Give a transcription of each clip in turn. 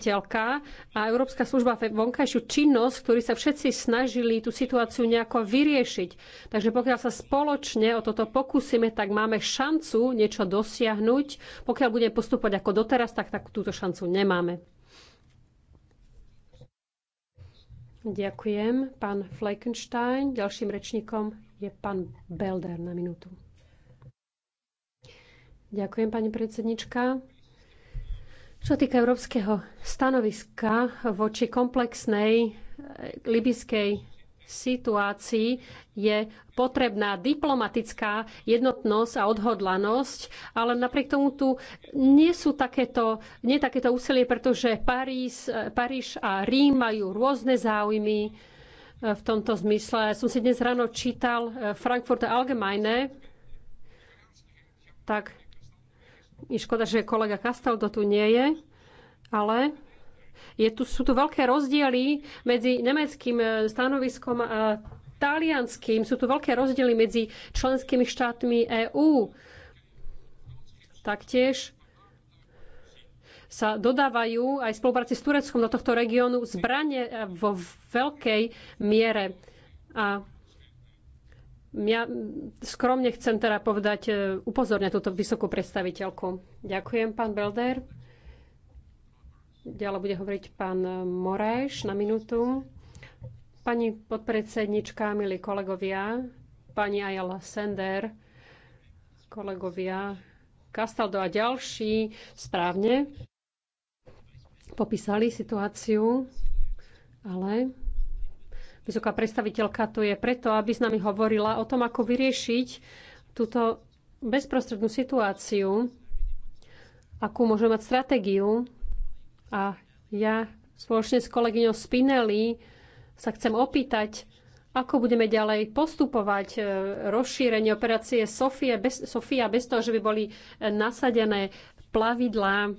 riaditeľka a Európska služba pre vonkajšiu činnosť, ktorí sa všetci snažili tú situáciu nejako vyriešiť. Takže pokiaľ sa spoločne o toto pokúsime, tak máme šancu niečo dosiahnuť. Pokiaľ budeme postupovať ako doteraz, tak, tak túto šancu nemáme. Ďakujem. Pán Fleckenstein. Ďalším rečníkom je pán Belder na minútu. Ďakujem, pani predsednička. Čo týka európskeho stanoviska voči komplexnej eh, libyskej situácii je potrebná diplomatická jednotnosť a odhodlanosť, ale napriek tomu tu nie sú takéto, nie takéto úsilie, pretože Paríž, eh, Paríž a Rím majú rôzne záujmy eh, v tomto zmysle. Som si dnes ráno čítal Frankfurt Allgemeine, tak i škoda, že kolega Castaldo tu nie je, ale je tu, sú tu veľké rozdiely medzi nemeckým e, stanoviskom a talianským. Sú tu veľké rozdiely medzi členskými štátmi EÚ. Taktiež sa dodávajú aj spolupráci s Tureckom do tohto regiónu zbranie vo veľkej miere. A ja skromne chcem teda povedať, e, upozorňať túto vysokú predstaviteľku. Ďakujem, pán Belder. Ďalej bude hovoriť pán Moreš na minútu. Pani podpredsednička, milí kolegovia, pani Ayala Sender, kolegovia Kastaldo a ďalší správne popísali situáciu, ale vysoká predstaviteľka tu je preto, aby s nami hovorila o tom, ako vyriešiť túto bezprostrednú situáciu, akú môžeme mať stratégiu. A ja spoločne s kolegyňou Spinelli sa chcem opýtať, ako budeme ďalej postupovať e, rozšírenie operácie Sofia bez, Sofia bez toho, že by boli e, nasadené plavidlá.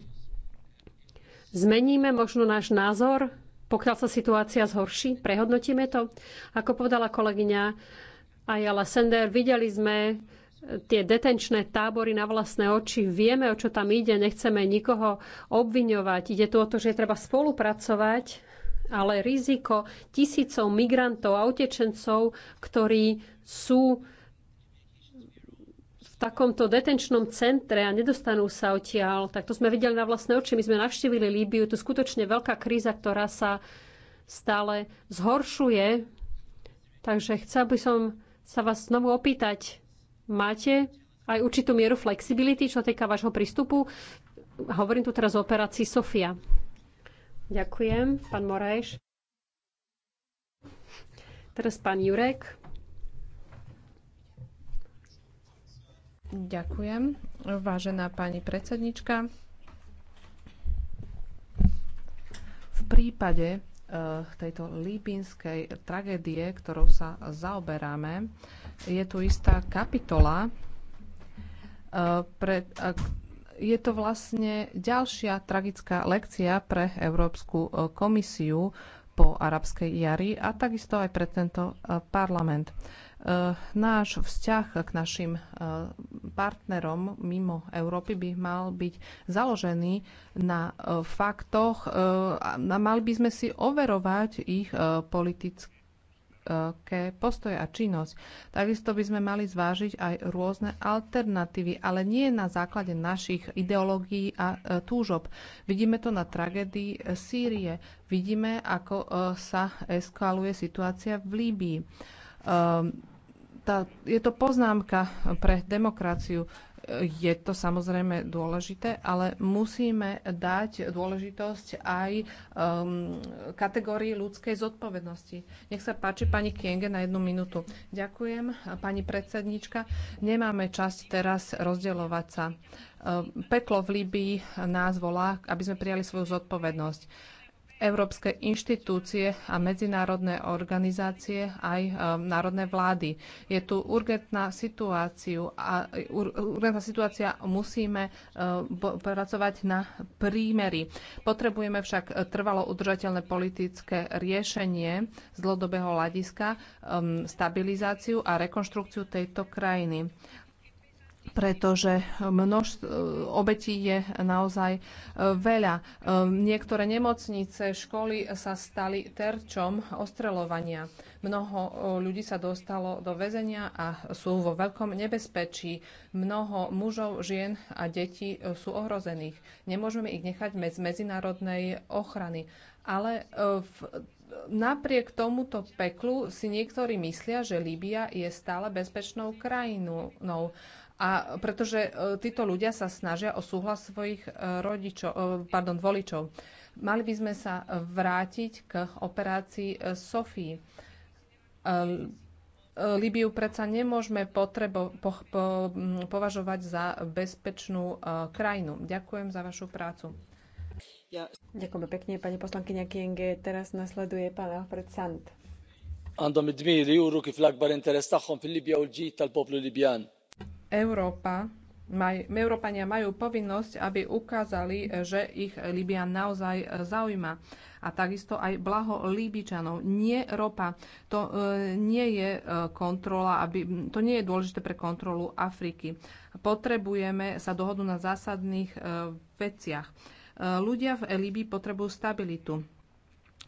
Zmeníme možno náš názor pokiaľ sa situácia zhorší. Prehodnotíme to. Ako povedala kolegyňa Ayala Sender, videli sme e, tie detenčné tábory na vlastné oči. Vieme, o čo tam ide. Nechceme nikoho obviňovať. Ide tu o to, že treba spolupracovať, ale riziko tisícov migrantov a utečencov, ktorí sú takomto detenčnom centre a nedostanú sa odtiaľ. Tak to sme videli na vlastné oči. My sme navštívili Líbiu. Tu skutočne veľká kríza, ktorá sa stále zhoršuje. Takže chcel by som sa vás znovu opýtať. Máte aj určitú mieru flexibility, čo týka vášho prístupu? Hovorím tu teraz o operácii Sofia. Ďakujem, pán Morajš. Teraz pán Jurek. Ďakujem, vážená pani predsednička. V prípade eh, tejto líbinskej tragédie, ktorou sa zaoberáme, je tu istá kapitola. Eh, eh, je to vlastne ďalšia tragická lekcia pre Európsku komisiu po arabskej jari a takisto aj pre tento parlament. Eh, náš vzťah k našim eh, partnerom mimo Európy by mal byť založený na eh, faktoch. Mali by sme si overovať ich politické postoje a činnosť. Takisto by sme mali zvážiť aj rôzne alternatívy, ale nie na základe našich ideológií a túžob. Vidíme to na tragédii Sýrie. Vidíme, ako sa eskaluje situácia v Líbii. Ehm, tá, je to poznámka pre demokraciu. Je to samozrejme dôležité, ale musíme dať dôležitosť aj um, kategórii ľudskej zodpovednosti. Nech sa páči pani Kienge na jednu minútu. Ďakujem, pani predsednička. Nemáme časť teraz rozdeľovať sa. Um, peklo v Líbii nás volá, aby sme prijali svoju zodpovednosť európske inštitúcie a medzinárodné organizácie aj um, národné vlády. Je tu urgentná situáciu a ur, urgentná situácia musíme uh, pracovať na prímery. Potrebujeme však trvalo udržateľné politické riešenie z dlhodobého hľadiska, um, stabilizáciu a rekonštrukciu tejto krajiny pretože množ e, obetí je naozaj e, veľa. E, niektoré nemocnice, školy sa stali terčom ostreľovania. Mnoho ľudí sa dostalo do väzenia a sú vo veľkom nebezpečí. Mnoho mužov, žien a detí sú ohrozených. Nemôžeme ich nechať bez medzinárodnej ochrany. Ale v napriek tomuto peklu si niektorí myslia, že Líbia je stále bezpečnou krajinou. A pretože e, títo ľudia sa snažia o súhlas svojich e, rodičov, e, pardon, voličov. Mali by sme sa vrátiť k operácii Sofii. Libiu predsa nemôžeme potrebo, po, po, považovať za bezpečnú krajinu. Ďakujem za vašu prácu. Ja. Ďakujeme pekne, pani poslankyňa Kienge. Teraz nasleduje pán Alfred Sant. عندهم الدمير يورو كيف الأكبر انترس تاعهم في ليبيا والجيل تاع البوبلو ليبيان Európa, maj, Európania majú povinnosť, aby ukázali, že ich Libia naozaj zaujíma. A takisto aj blaho Líbičanov. Nie ropa. To e, nie je e, kontrola, aby, to nie je dôležité pre kontrolu Afriky. Potrebujeme sa dohodu na zásadných e, veciach. ľudia v Líbii potrebujú stabilitu.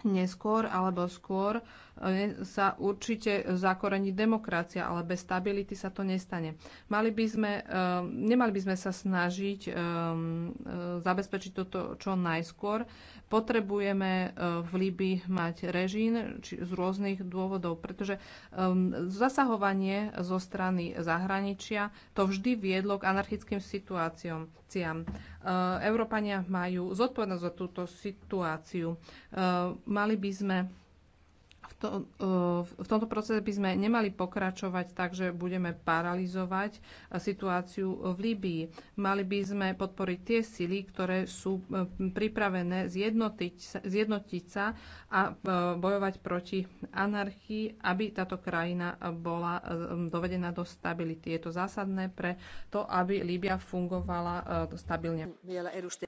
Neskôr alebo skôr E, sa určite zakorení demokracia, ale bez stability sa to nestane. Mali by sme, e, nemali by sme sa snažiť e, zabezpečiť toto čo najskôr. Potrebujeme v Líbii mať režim z rôznych dôvodov, pretože zasahovanie zo strany zahraničia to vždy viedlo k anarchickým situáciám. Európania majú zodpovednosť za túto situáciu. Mali by sme v, to, e, v tomto procese by sme nemali pokračovať tak, že budeme paralizovať e, situáciu v Líbii. Mali by sme podporiť tie sily, ktoré sú e, pripravené zjednotiť, zjednotiť sa a bojovať proti anarchii, aby táto krajina bola dovedená do stability. Je to zásadné pre to, aby Líbia fungovala stabilne.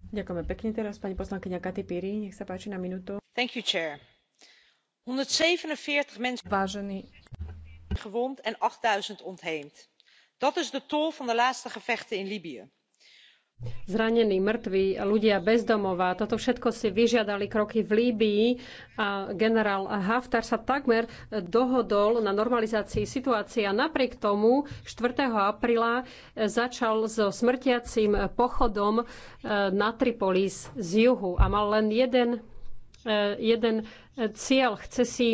Ďakujeme pekne teraz, pani poslankyňa Katy Piri. Nech sa páči na minútu. Thank you, chair honderdzevenenveertig mensen zijn gewond en achtduizend ontheemd. dat is de tol van de laatste gevechten in libië. Zranení, mŕtvi, ľudia bez toto všetko si vyžiadali kroky v Líbii a generál Haftar sa takmer dohodol na normalizácii situácie a napriek tomu 4. apríla začal so smrtiacím pochodom eh, na Tripolis z juhu a mal len jeden, eh, jeden cieľ. Chce si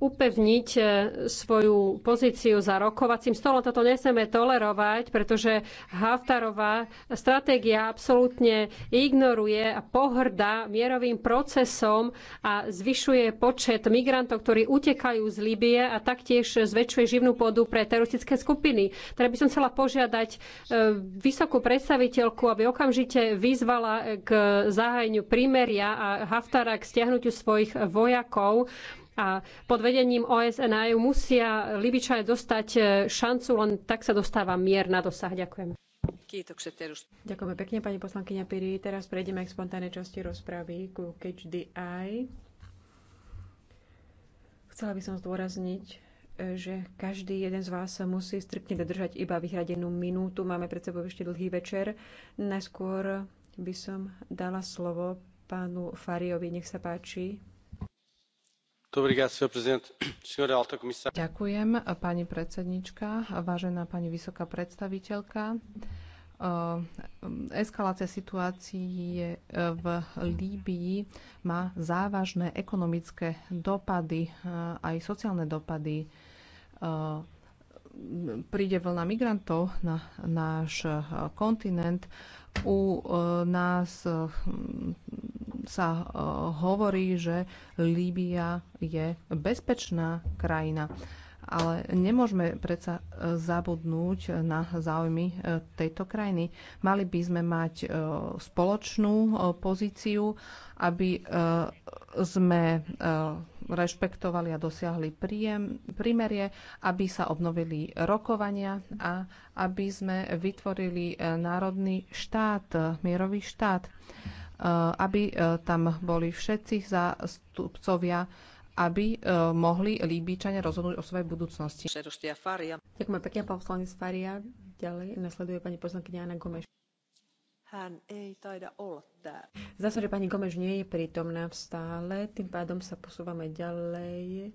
upevniť e, svoju pozíciu za rokovacím stolom. Toto nesmieme tolerovať, pretože Haftarová stratégia absolútne ignoruje a pohrda mierovým procesom a zvyšuje počet migrantov, ktorí utekajú z Líbie a taktiež zväčšuje živnú pôdu pre teroristické skupiny. Teda by som chcela požiadať e, vysokú predstaviteľku, aby okamžite vyzvala k zahájeniu prímeria a Haftara k stiahnutiu svojich vojakov a pod vedením OSN a EU musia Libičania dostať e, šancu, len tak sa dostáva mier na dosah. Ďakujem. Ďakujeme pekne, pani poslankyňa Piri. Teraz prejdeme k spontánnej časti rozpravy ku Catch the Eye. Chcela by som zdôrazniť, e, že každý jeden z vás sa musí striktne dodržať iba vyhradenú minútu. Máme pred sebou ešte dlhý večer. Najskôr by som dala slovo pánu Fariovi. Nech sa páči. Ďakujem, pani predsednička, vážená pani vysoká predstaviteľka. Eskalácia situácií e, v Líbii má závažné ekonomické dopady, e, aj sociálne dopady príde vlna migrantov na náš eh, kontinent, u eh, nás hm, sa eh, hovorí, že Líbia je bezpečná krajina. Ale nemôžeme predsa zabudnúť na záujmy tejto krajiny. Mali by sme mať spoločnú pozíciu, aby sme rešpektovali a dosiahli príjem, prímerie, aby sa obnovili rokovania a aby sme vytvorili e, národný štát, mierový štát, e, aby e, tam boli všetci zástupcovia aby mohli Líbíčania rozhodnúť o svojej budúcnosti. Ďakujem pekne, pán poslanec Faria. Ďalej nasleduje pani poslankyňa Jana Gomeš. Hän ei taida olla täällä. že pani gomež nie je prítomná v stále, tým pádom sa posúvame ďalej.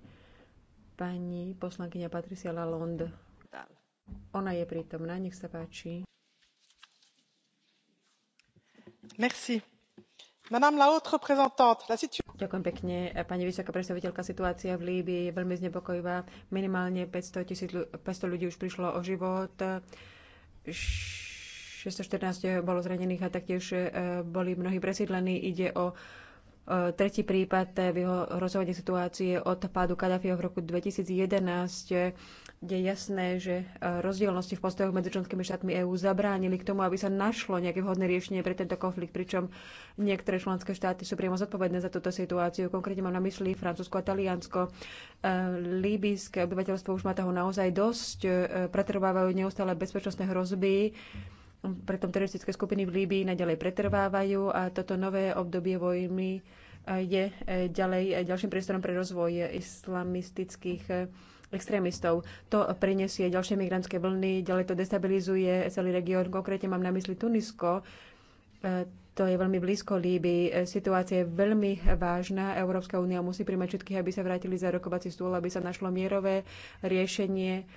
Pani poslankyňa Patricia Lalonde. Ona je prítomná, nech sa páči. Merci. Madame la haute représentante, la situation... Ďakujem pekne. Pani vysoká predstaviteľka, situácia v Líbii je veľmi znepokojivá. Minimálne 500, 000, 500 ľudí už prišlo o život. Š 614 bolo zranených a taktiež e, boli mnohí presídlení. Ide o e, tretí prípad e, v jeho vyhrozovania situácie od pádu Kadafiho v roku 2011, kde je jasné, že rozdielnosti v postojoch medzi členskými štátmi EÚ zabránili k tomu, aby sa našlo nejaké vhodné riešenie pre tento konflikt, pričom niektoré členské štáty sú priamo zodpovedné za túto situáciu. Konkrétne mám na mysli Francúzsko a Taliansko. Líbyjské obyvateľstvo už má toho naozaj dosť, pretrvávajú neustále bezpečnostné hrozby. Preto teroristické skupiny v Líbii naďalej pretrvávajú a toto nové obdobie vojny je e, ďalej e, ďalším priestorom pre rozvoj islamistických e, extrémistov. To prinesie ďalšie migrantské vlny, ďalej to destabilizuje celý región. Konkrétne mám na mysli Tunisko. To je veľmi blízko Líby. Situácia je veľmi vážna. Európska únia musí príjmať všetkých, aby sa vrátili za rokovací stôl, aby sa našlo mierové riešenie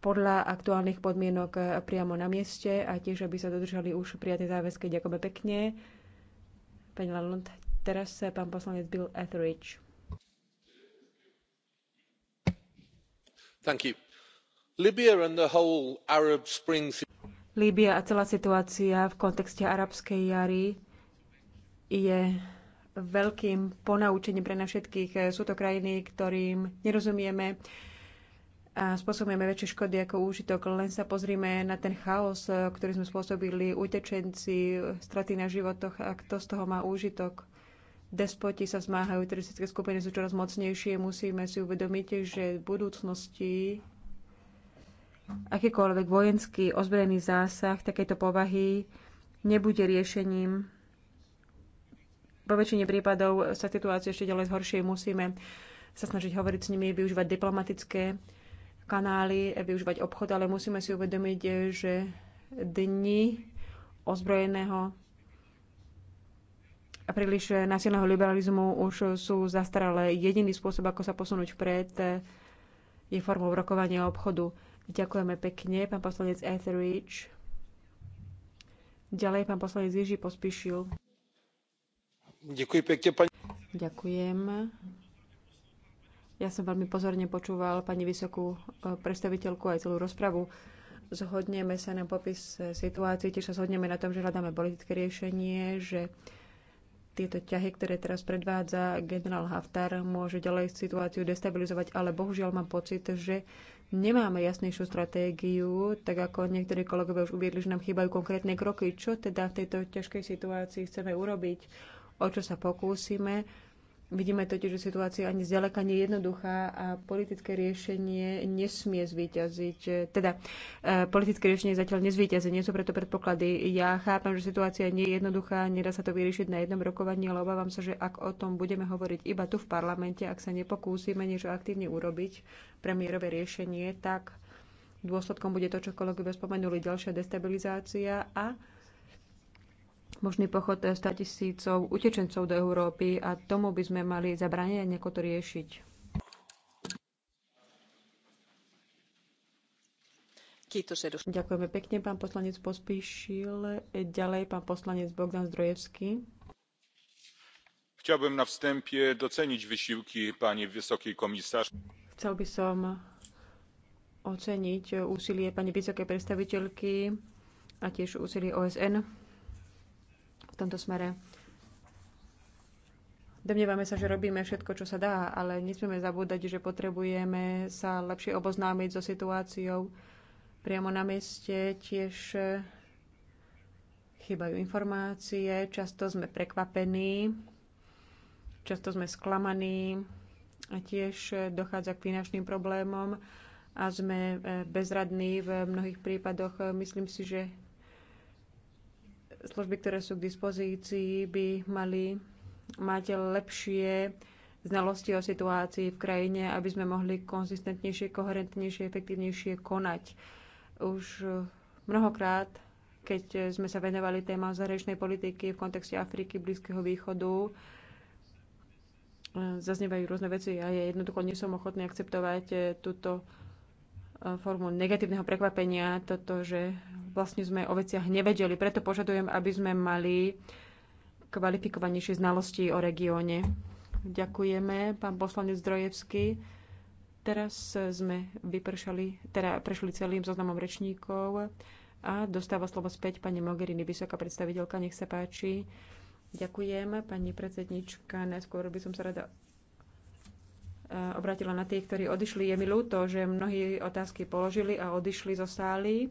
podľa aktuálnych podmienok eh, priamo na mieste a tiež, aby sa dodržali už prijaté záväzky. Ďakujeme pekne. Pani Lalund, teraz sa eh, pán poslanec Bill Etheridge. Thank you. Libya and the whole Arab Spring Líbia a celá situácia v kontexte arabskej jary je veľkým ponaučením pre nás všetkých. Eh, sú to krajiny, ktorým nerozumieme, a spôsobujeme väčšie škody ako úžitok. Len sa pozrime na ten chaos, eh, ktorý sme spôsobili, utečenci, straty na životoch a kto z toho má úžitok. Despoti sa zmáhajú, teroristické skupiny sú čoraz mocnejšie, musíme si uvedomiť, že v budúcnosti akýkoľvek vojenský ozbrojený zásah takejto povahy nebude riešením. Vo väčšine prípadov sa situácia ešte ďalej zhoršie, musíme sa snažiť hovoriť s nimi, využívať diplomatické kanály, využívať obchod, ale musíme si uvedomiť, že dni ozbrojeného a príliš násilného liberalizmu už sú zastaralé. Jediný spôsob, ako sa posunúť vpred, je formou rokovania obchodu. Ďakujeme pekne, pán poslanec Etheridge. Ďalej pán poslanec Ježí pospíšil. Ďakujem pekne, pani. Ďakujem. Ja som veľmi pozorne počúval pani vysokú e, predstaviteľku aj celú rozpravu. Zhodneme sa na popis situácií, tiež sa zhodneme na tom, že hľadáme politické riešenie, že tieto ťahy, ktoré teraz predvádza generál Haftar, môže ďalej situáciu destabilizovať, ale bohužiaľ mám pocit, že nemáme jasnejšiu stratégiu, tak ako niektorí kolegovia už uviedli, že nám chýbajú konkrétne kroky, čo teda v tejto ťažkej situácii chceme urobiť, o čo sa pokúsime Vidíme totiž, že situácia ani zďaleka nie je jednoduchá a politické riešenie nesmie zvíťaziť. Teda e, politické riešenie zatiaľ nezvýťazí, nie sú preto predpoklady. Ja chápam, že situácia nie je jednoduchá, nedá sa to vyriešiť na jednom rokovaní, ale obávam sa, že ak o tom budeme hovoriť iba tu v parlamente, ak sa nepokúsime niečo aktívne urobiť, premiérové riešenie, tak dôsledkom bude to, čo kolegovia spomenuli, ďalšia destabilizácia a možný pochod 100 tisícov utečencov do Európy a tomu by sme mali zabrániť a nejako to riešiť. Ďakujeme pekne, pán poslanec Pospíšil. Ďalej pán poslanec Bogdan Zdrojevský. Chciałbym na wstępie docenić wysiłki pani wysokiej komisarz. Chcel by som oceniť úsilie pani vysokej predstaviteľky a tiež úsilie OSN tomto smere. Domnievame sa, že robíme všetko, čo sa dá, ale nesmieme zabúdať, že potrebujeme sa lepšie oboznámiť so situáciou priamo na mieste. Tiež eh, chýbajú informácie, často sme prekvapení, často sme sklamaní a tiež eh, dochádza k finančným problémom a sme eh, bezradní v mnohých prípadoch. Myslím si, že služby, ktoré sú k dispozícii, by mali mať lepšie znalosti o situácii v krajine, aby sme mohli konzistentnejšie, koherentnejšie, efektívnejšie konať. Už eh, mnohokrát, keď sme sa venovali téma zahraničnej politiky v kontexte Afriky, Blízkeho východu, eh, zaznievajú rôzne veci a ja jednoducho nie som ochotný akceptovať eh, túto formu negatívneho prekvapenia, toto, že vlastne sme o veciach nevedeli. Preto požadujem, aby sme mali kvalifikovanejšie znalosti o regióne. Ďakujeme, pán poslanec Zdrojevský. Teraz sme vypršali, teda prešli celým zoznamom rečníkov a dostáva slovo späť pani Mogherini, vysoká predstaviteľka, nech sa páči. Ďakujem, pani predsednička. Najskôr by som sa rada E, obratila na tých, ktorí odišli. Je mi ľúto, že mnohí otázky položili a odišli zo sály, e,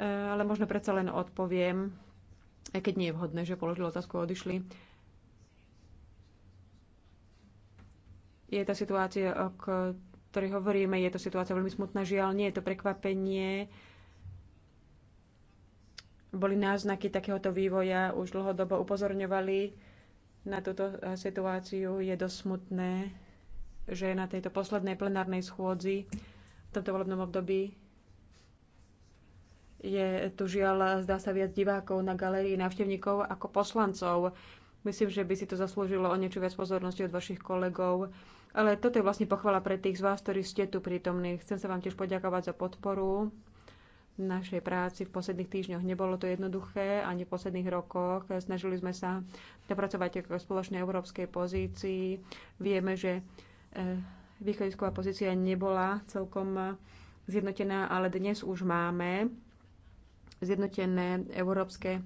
ale možno predsa len odpoviem, aj keď nie je vhodné, že položili otázku a odišli. Je tá situácia, o ktorej hovoríme, je to situácia veľmi smutná, žiaľ, nie je to prekvapenie. Boli náznaky takéhoto vývoja, už dlhodobo upozorňovali na túto situáciu, je dosť smutné, že na tejto poslednej plenárnej schôdzi v tomto volebnom období je tu žiaľ, zdá sa, viac divákov na galerii návštevníkov ako poslancov. Myslím, že by si to zaslúžilo o niečo viac pozornosti od vašich kolegov. Ale toto je vlastne pochvala pre tých z vás, ktorí ste tu prítomní. Chcem sa vám tiež poďakovať za podporu našej práci v posledných týždňoch. Nebolo to jednoduché ani v posledných rokoch. Snažili sme sa napracovať k spoločnej európskej pozícii. Vieme, že Eh, východisková pozícia nebola celkom eh, zjednotená, ale dnes už máme zjednotené európske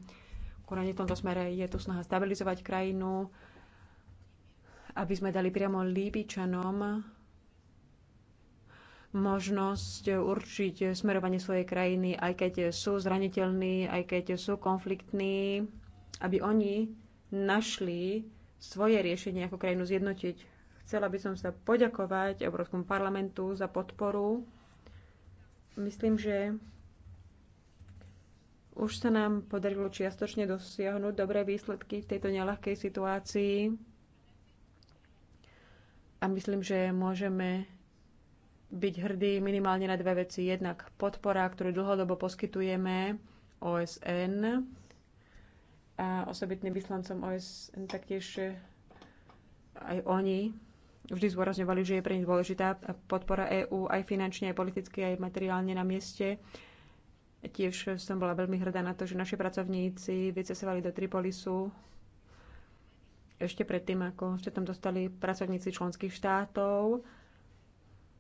konanie v tomto smere. Je tu snaha stabilizovať krajinu, aby sme dali priamo Líbičanom možnosť určiť smerovanie svojej krajiny, aj keď sú zraniteľní, aj keď sú konfliktní, aby oni našli svoje riešenie ako krajinu zjednotiť. Chcela by som sa poďakovať Európskom parlamentu za podporu. Myslím, že už sa nám podarilo čiastočne dosiahnuť dobré výsledky v tejto nelahkej situácii a myslím, že môžeme byť hrdí minimálne na dve veci. Jednak podpora, ktorú dlhodobo poskytujeme OSN a osobitným vyslancom OSN taktiež aj oni vždy zvorazňovali, že je pre nich dôležitá podpora EÚ aj finančne, aj politicky, aj materiálne na mieste. Tiež som bola veľmi hrdá na to, že naši pracovníci vycestovali do Tripolisu ešte predtým, ako ste tam dostali pracovníci členských štátov.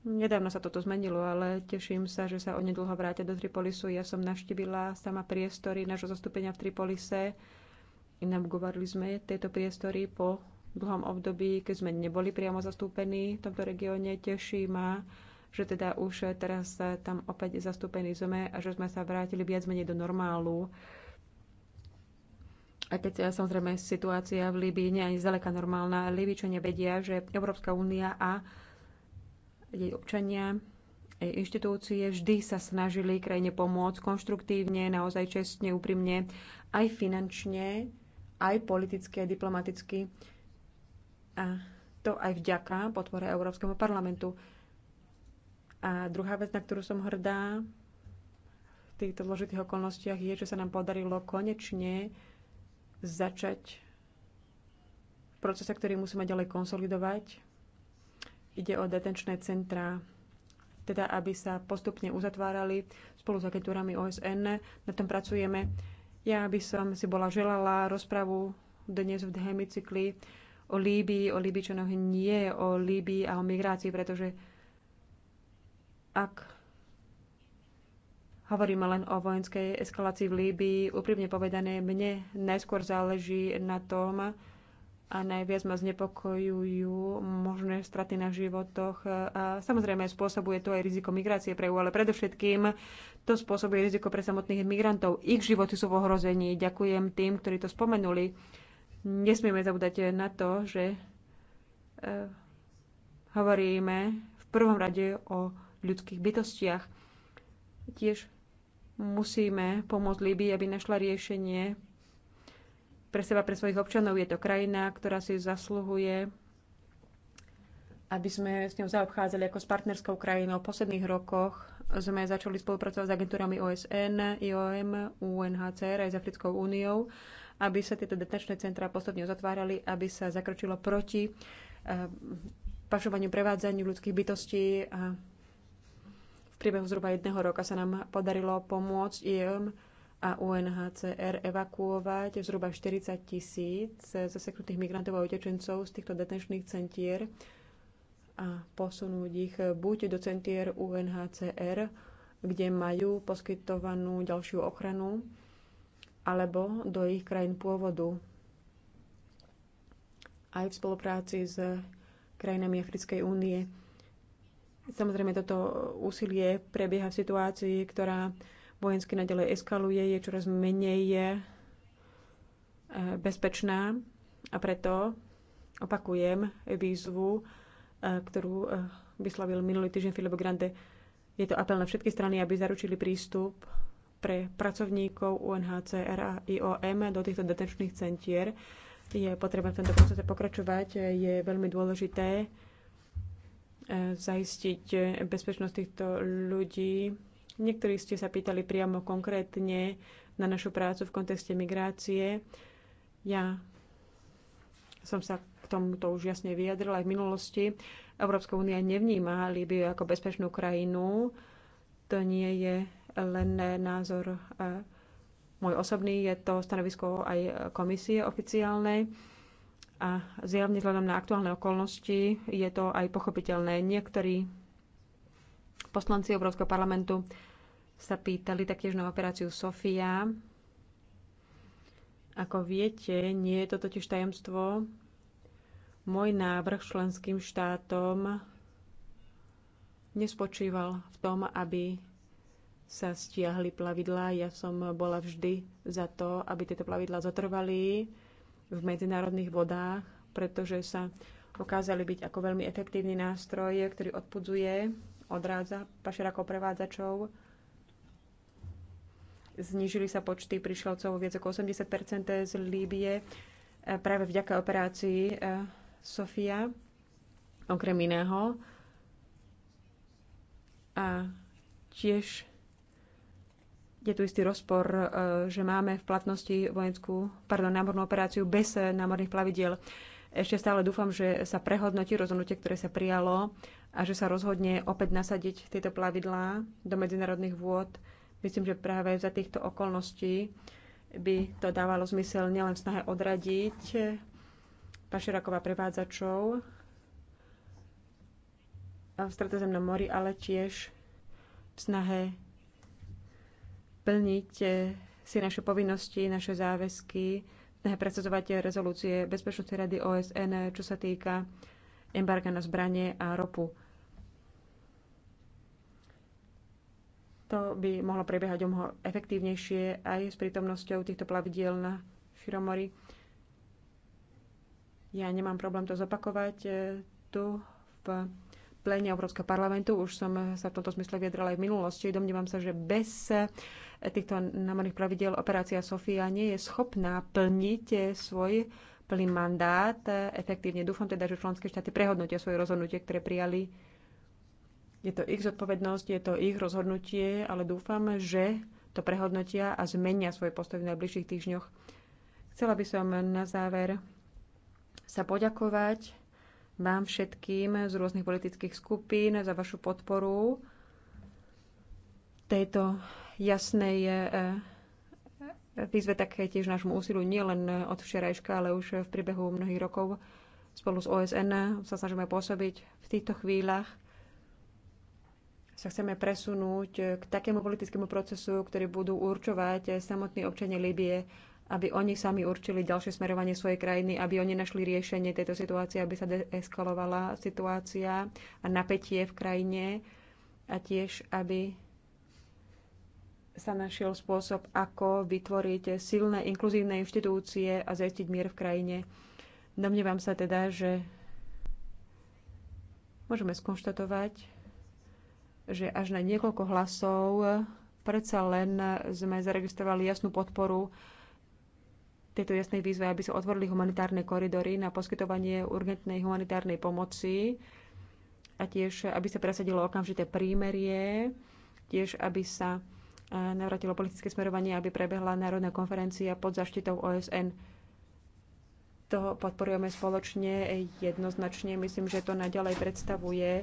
Nedávno sa toto zmenilo, ale teším sa, že sa onedlho vráte do Tripolisu. Ja som navštívila sama priestory nášho zastúpenia v Tripolise. Inaugurovali sme tieto priestory po v dlhom období, keď sme neboli priamo zastúpení v tomto regióne. Teší ma, že teda už teraz tam opäť zastúpení sme a že sme sa vrátili viac menej do normálu. A keď samozrejme situácia v Líbii nie je ani zďaleka normálna, Líbičania vedia, že Európska únia a jej občania, jej inštitúcie vždy sa snažili krajine pomôcť konštruktívne, naozaj čestne, úprimne, aj finančne, aj politicky aj diplomaticky. A to aj vďaka podpore Európskemu parlamentu. A druhá vec, na ktorú som hrdá v týchto zložitých okolnostiach, je, že sa nám podarilo konečne začať procesa, ktorý musíme ďalej konsolidovať. Ide o detenčné centra. teda aby sa postupne uzatvárali spolu s agentúrami OSN. Na tom pracujeme. Ja by som si bola želala rozpravu dnes v cykli o Líbii, o Líbičanoch, nie o Líbii a o migrácii, pretože ak hovoríme len o vojenskej eskalácii v Líbii, úprimne povedané, mne najskôr záleží na tom, a najviac ma znepokojujú možné straty na životoch. A samozrejme, spôsobuje to aj riziko migrácie pre EU, ale predovšetkým to spôsobuje riziko pre samotných migrantov. Ich životy sú v ohrození. Ďakujem tým, ktorí to spomenuli. Nesmieme zabúdať na to, že e, hovoríme v prvom rade o ľudských bytostiach. Tiež musíme pomôcť Líbii, aby našla riešenie pre seba, pre svojich občanov. Je to krajina, ktorá si zasluhuje, aby sme s ňou zaobchádzali ako s partnerskou krajinou. V posledných rokoch sme začali spolupracovať s agentúrami OSN, IOM, UNHCR aj s Africkou úniou aby sa tieto detenčné centrá postupne uzatvárali, aby sa zakročilo proti eh, pašovaniu, prevádzaniu ľudských bytostí. A v priebehu zhruba jedného roka sa nám podarilo pomôcť im a UNHCR evakuovať zhruba 40 tisíc zaseknutých migrantov a utečencov z týchto detenčných centier a posunúť ich buď do centier UNHCR, kde majú poskytovanú ďalšiu ochranu, alebo do ich krajín pôvodu. Aj v spolupráci s krajinami Africkej únie. Samozrejme, toto úsilie prebieha v situácii, ktorá vojensky nadalej eskaluje, je čoraz menej je bezpečná a preto opakujem výzvu, e, ktorú e, vyslovil minulý týždeň Filip Grande. Je to apel na všetky strany, aby zaručili prístup pre pracovníkov UNHCR a IOM do týchto detenčných centier. Je potrebné v tomto procese pokračovať. Je veľmi dôležité eh, zaistiť bezpečnosť týchto ľudí. Niektorí ste sa pýtali priamo konkrétne na našu prácu v kontexte migrácie. Ja som sa k tomuto už jasne vyjadrila aj v minulosti. Európska únia nevníma Líbiu ako bezpečnú krajinu. To nie je len názor e, môj osobný, je to stanovisko aj komisie oficiálnej a zjavne vzhľadom na aktuálne okolnosti je to aj pochopiteľné. Niektorí poslanci Európskeho parlamentu sa pýtali taktiež na operáciu Sofia. Ako viete, nie je to totiž tajomstvo. Môj návrh členským štátom nespočíval v tom, aby sa stiahli plavidlá. Ja som bola vždy za to, aby tieto plavidlá zotrvali v medzinárodných vodách, pretože sa ukázali byť ako veľmi efektívny nástroj, ktorý odpudzuje, odrádza pašerakov prevádzačov. Znížili sa počty prišlovcov viac ako 80 z Líbie e, práve vďaka operácii e, Sofia, okrem iného. A tiež je tu istý rozpor, e, že máme v platnosti vojenskú, pardon, námornú operáciu bez e, námorných plavidiel. Ešte stále dúfam, že sa prehodnotí rozhodnutie, ktoré sa prijalo a že sa rozhodne opäť nasadiť tieto plavidlá do medzinárodných vôd. Myslím, že práve za týchto okolností by to dávalo zmysel nielen v snahe odradiť pašerakova prevádzačov v Stratozemnom mori, ale tiež v snahe plniť eh, si naše povinnosti, naše záväzky, eh, pracovať rezolúcie Bezpečnostnej rady OSN, eh, čo sa týka embarga na zbranie a ropu. To by mohlo prebiehať o mnoho efektívnejšie aj s prítomnosťou týchto plavidiel na Širomori. Ja nemám problém to zopakovať tu v plene Európskeho parlamentu. Už som sa v tomto smysle vyjadrala aj v minulosti. Domnívam sa, že bez týchto námorných pravidel operácia Sofia nie je schopná plniť svoj plný mandát efektívne. Dúfam teda, že členské štáty prehodnotia svoje rozhodnutie, ktoré prijali. Je to ich zodpovednosť, je to ich rozhodnutie, ale dúfam, že to prehodnotia a zmenia svoje postoje v najbližších týždňoch. Chcela by som na záver sa poďakovať vám všetkým z rôznych politických skupín za vašu podporu tejto jasnej e, e, výzve také tiež nášmu úsilu nielen od včerajška, ale už v priebehu mnohých rokov spolu s OSN sa snažíme pôsobiť. V týchto chvíľach sa chceme presunúť k takému politickému procesu, ktorý budú určovať samotní občania Libie, aby oni sami určili ďalšie smerovanie svojej krajiny, aby oni našli riešenie tejto situácie, aby sa deeskalovala situácia a napätie v krajine a tiež, aby sa našiel spôsob, ako vytvoriť silné inkluzívne inštitúcie a zajistiť mier v krajine. Domnievam sa teda, že môžeme skonštatovať, že až na niekoľko hlasov predsa len sme zaregistrovali jasnú podporu tejto jasnej výzve, aby sa otvorili humanitárne koridory na poskytovanie urgentnej humanitárnej pomoci a tiež, aby sa presadilo okamžité prímerie, tiež, aby sa navrátilo politické smerovanie, aby prebehla národná konferencia pod zaštitou OSN. To podporujeme spoločne, jednoznačne. Myslím, že to naďalej predstavuje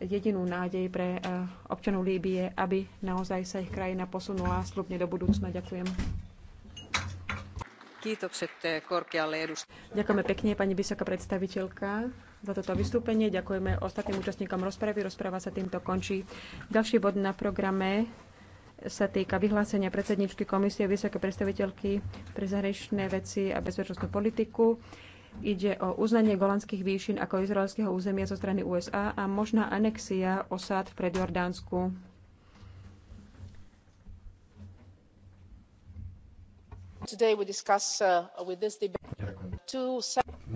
jedinú nádej pre eh, občanov Líbie, aby naozaj sa ich krajina posunula slubne do budúcna. Ďakujem. Eh, Ďakujeme pekne, pani vysoká predstaviteľka, za toto vystúpenie. Ďakujeme ostatným účastníkom rozpravy. Rozpráva sa týmto končí. Ďalší bod na programe sa týka vyhlásenia predsedničky komisie Vysoké predstaviteľky pre zahraničné veci a bezpečnostnú politiku. Ide o uznanie golandských výšin ako izraelského územia zo strany USA a možná anexia osád v predjordánsku. Uh,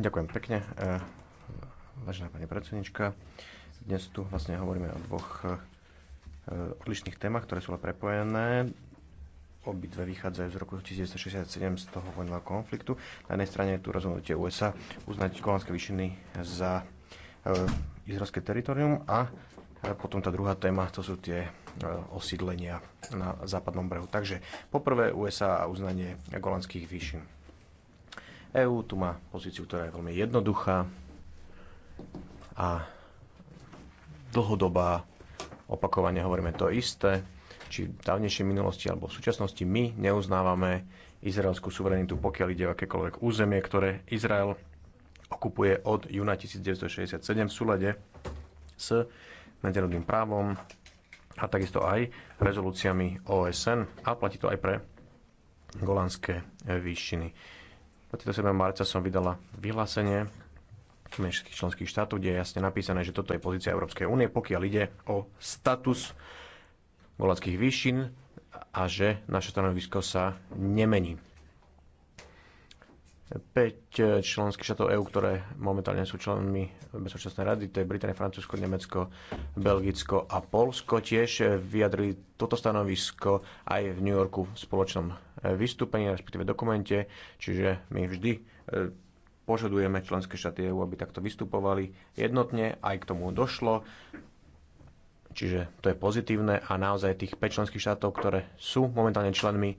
Ďakujem pekne, uh, vážená pani predsednička. Dnes tu vlastne hovoríme o dvoch uh, Eh, odlišných témach, ktoré sú ale prepojené. Obidve vychádzajú z roku 1967 z toho vojnového konfliktu. Na jednej strane je tu rozhodnutie USA uznať golánske výšiny za eh, izraelské teritorium a eh, potom tá druhá téma, to sú tie osídlenia na západnom brehu. Takže poprvé USA a uznanie golandských výšin. EÚ tu má pozíciu, ktorá je veľmi jednoduchá a dlhodobá opakovane hovoríme to isté, či v dávnejšej minulosti alebo v súčasnosti my neuznávame izraelskú suverenitu, pokiaľ ide o akékoľvek územie, ktoré Izrael okupuje od júna 1967 v súlade s medzinárodným právom a takisto aj rezolúciami OSN a platí to aj pre golandské výšiny. 27. marca som vydala vyhlásenie menších členských štátov, kde je jasne napísané, že toto je pozícia Európskej únie, pokiaľ ide o status voláckých výšin a že naše stanovisko sa nemení. 5 eh, členských štátov EÚ, ktoré momentálne sú členmi Bezpečnostnej rady, to je Británia, Francúzsko, Nemecko, Belgicko a Polsko, tiež eh, vyjadrili toto stanovisko aj v New Yorku v spoločnom eh, vystúpení, respektíve dokumente, čiže my vždy požadujeme členské štáty EÚ, aby takto vystupovali jednotne, aj k tomu došlo. Čiže to je pozitívne a naozaj tých 5 členských štátov, ktoré sú momentálne členmi e,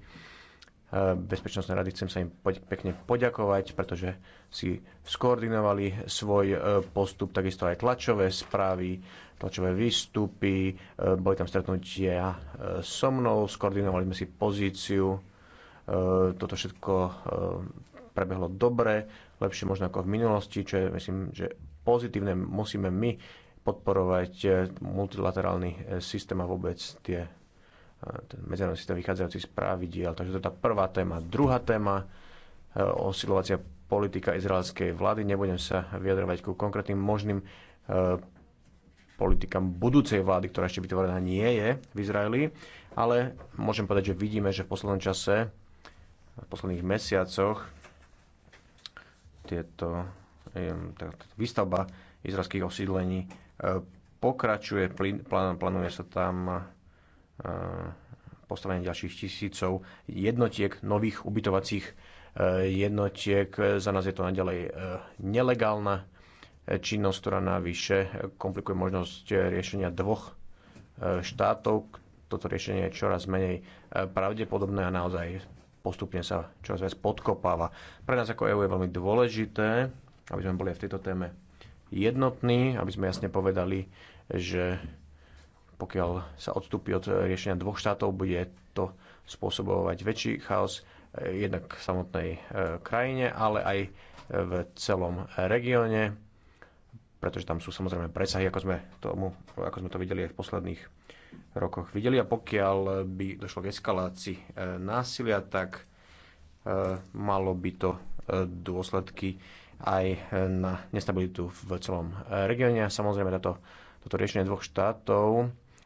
Bezpečnostnej rady, chcem sa im pekne poďakovať, pretože si skoordinovali svoj e, postup, takisto aj tlačové správy, tlačové výstupy, e, boli tam stretnutia so mnou, skoordinovali sme si pozíciu, toto všetko prebehlo dobre lepšie možno ako v minulosti, čo je myslím, že pozitívne. Musíme my podporovať eh, multilaterálny eh, systém a vôbec tie, eh, ten medzinárodný systém vychádzajúci z pravidiel. Takže to je tá prvá téma. Druhá téma, osilovacia politika izraelskej vlády. Nebudem sa vyjadrovať ku konkrétnym možným politikám budúcej vlády, ktorá ešte vytvorená nie je v Izraeli, ale môžem povedať, že vidíme, že v poslednom čase, v posledných mesiacoch tieto, tá výstavba izraelských osídlení e, pokračuje, plánuje sa tam e, postavenie ďalších tisícov jednotiek, nových ubytovacích e, jednotiek. Za nás je to naďalej nelegálna činnosť, ktorá navyše komplikuje možnosť riešenia dvoch štátov. Toto riešenie je čoraz menej pravdepodobné a naozaj postupne sa čoraz viac podkopáva. Pre nás ako EÚ je veľmi dôležité, aby sme boli aj v tejto téme jednotní, aby sme jasne povedali, že pokiaľ sa odstúpi od riešenia dvoch štátov, bude to spôsobovať väčší chaos eh, jednak v samotnej eh, krajine, ale aj v celom regióne, pretože tam sú samozrejme presahy, ako sme, tomu, ako sme to videli aj v posledných rokoch videli. A pokiaľ by došlo k eskalácii e, násilia, tak e, malo by to e, dôsledky aj na nestabilitu v celom regióne. Samozrejme, toto toto riešenie dvoch štátov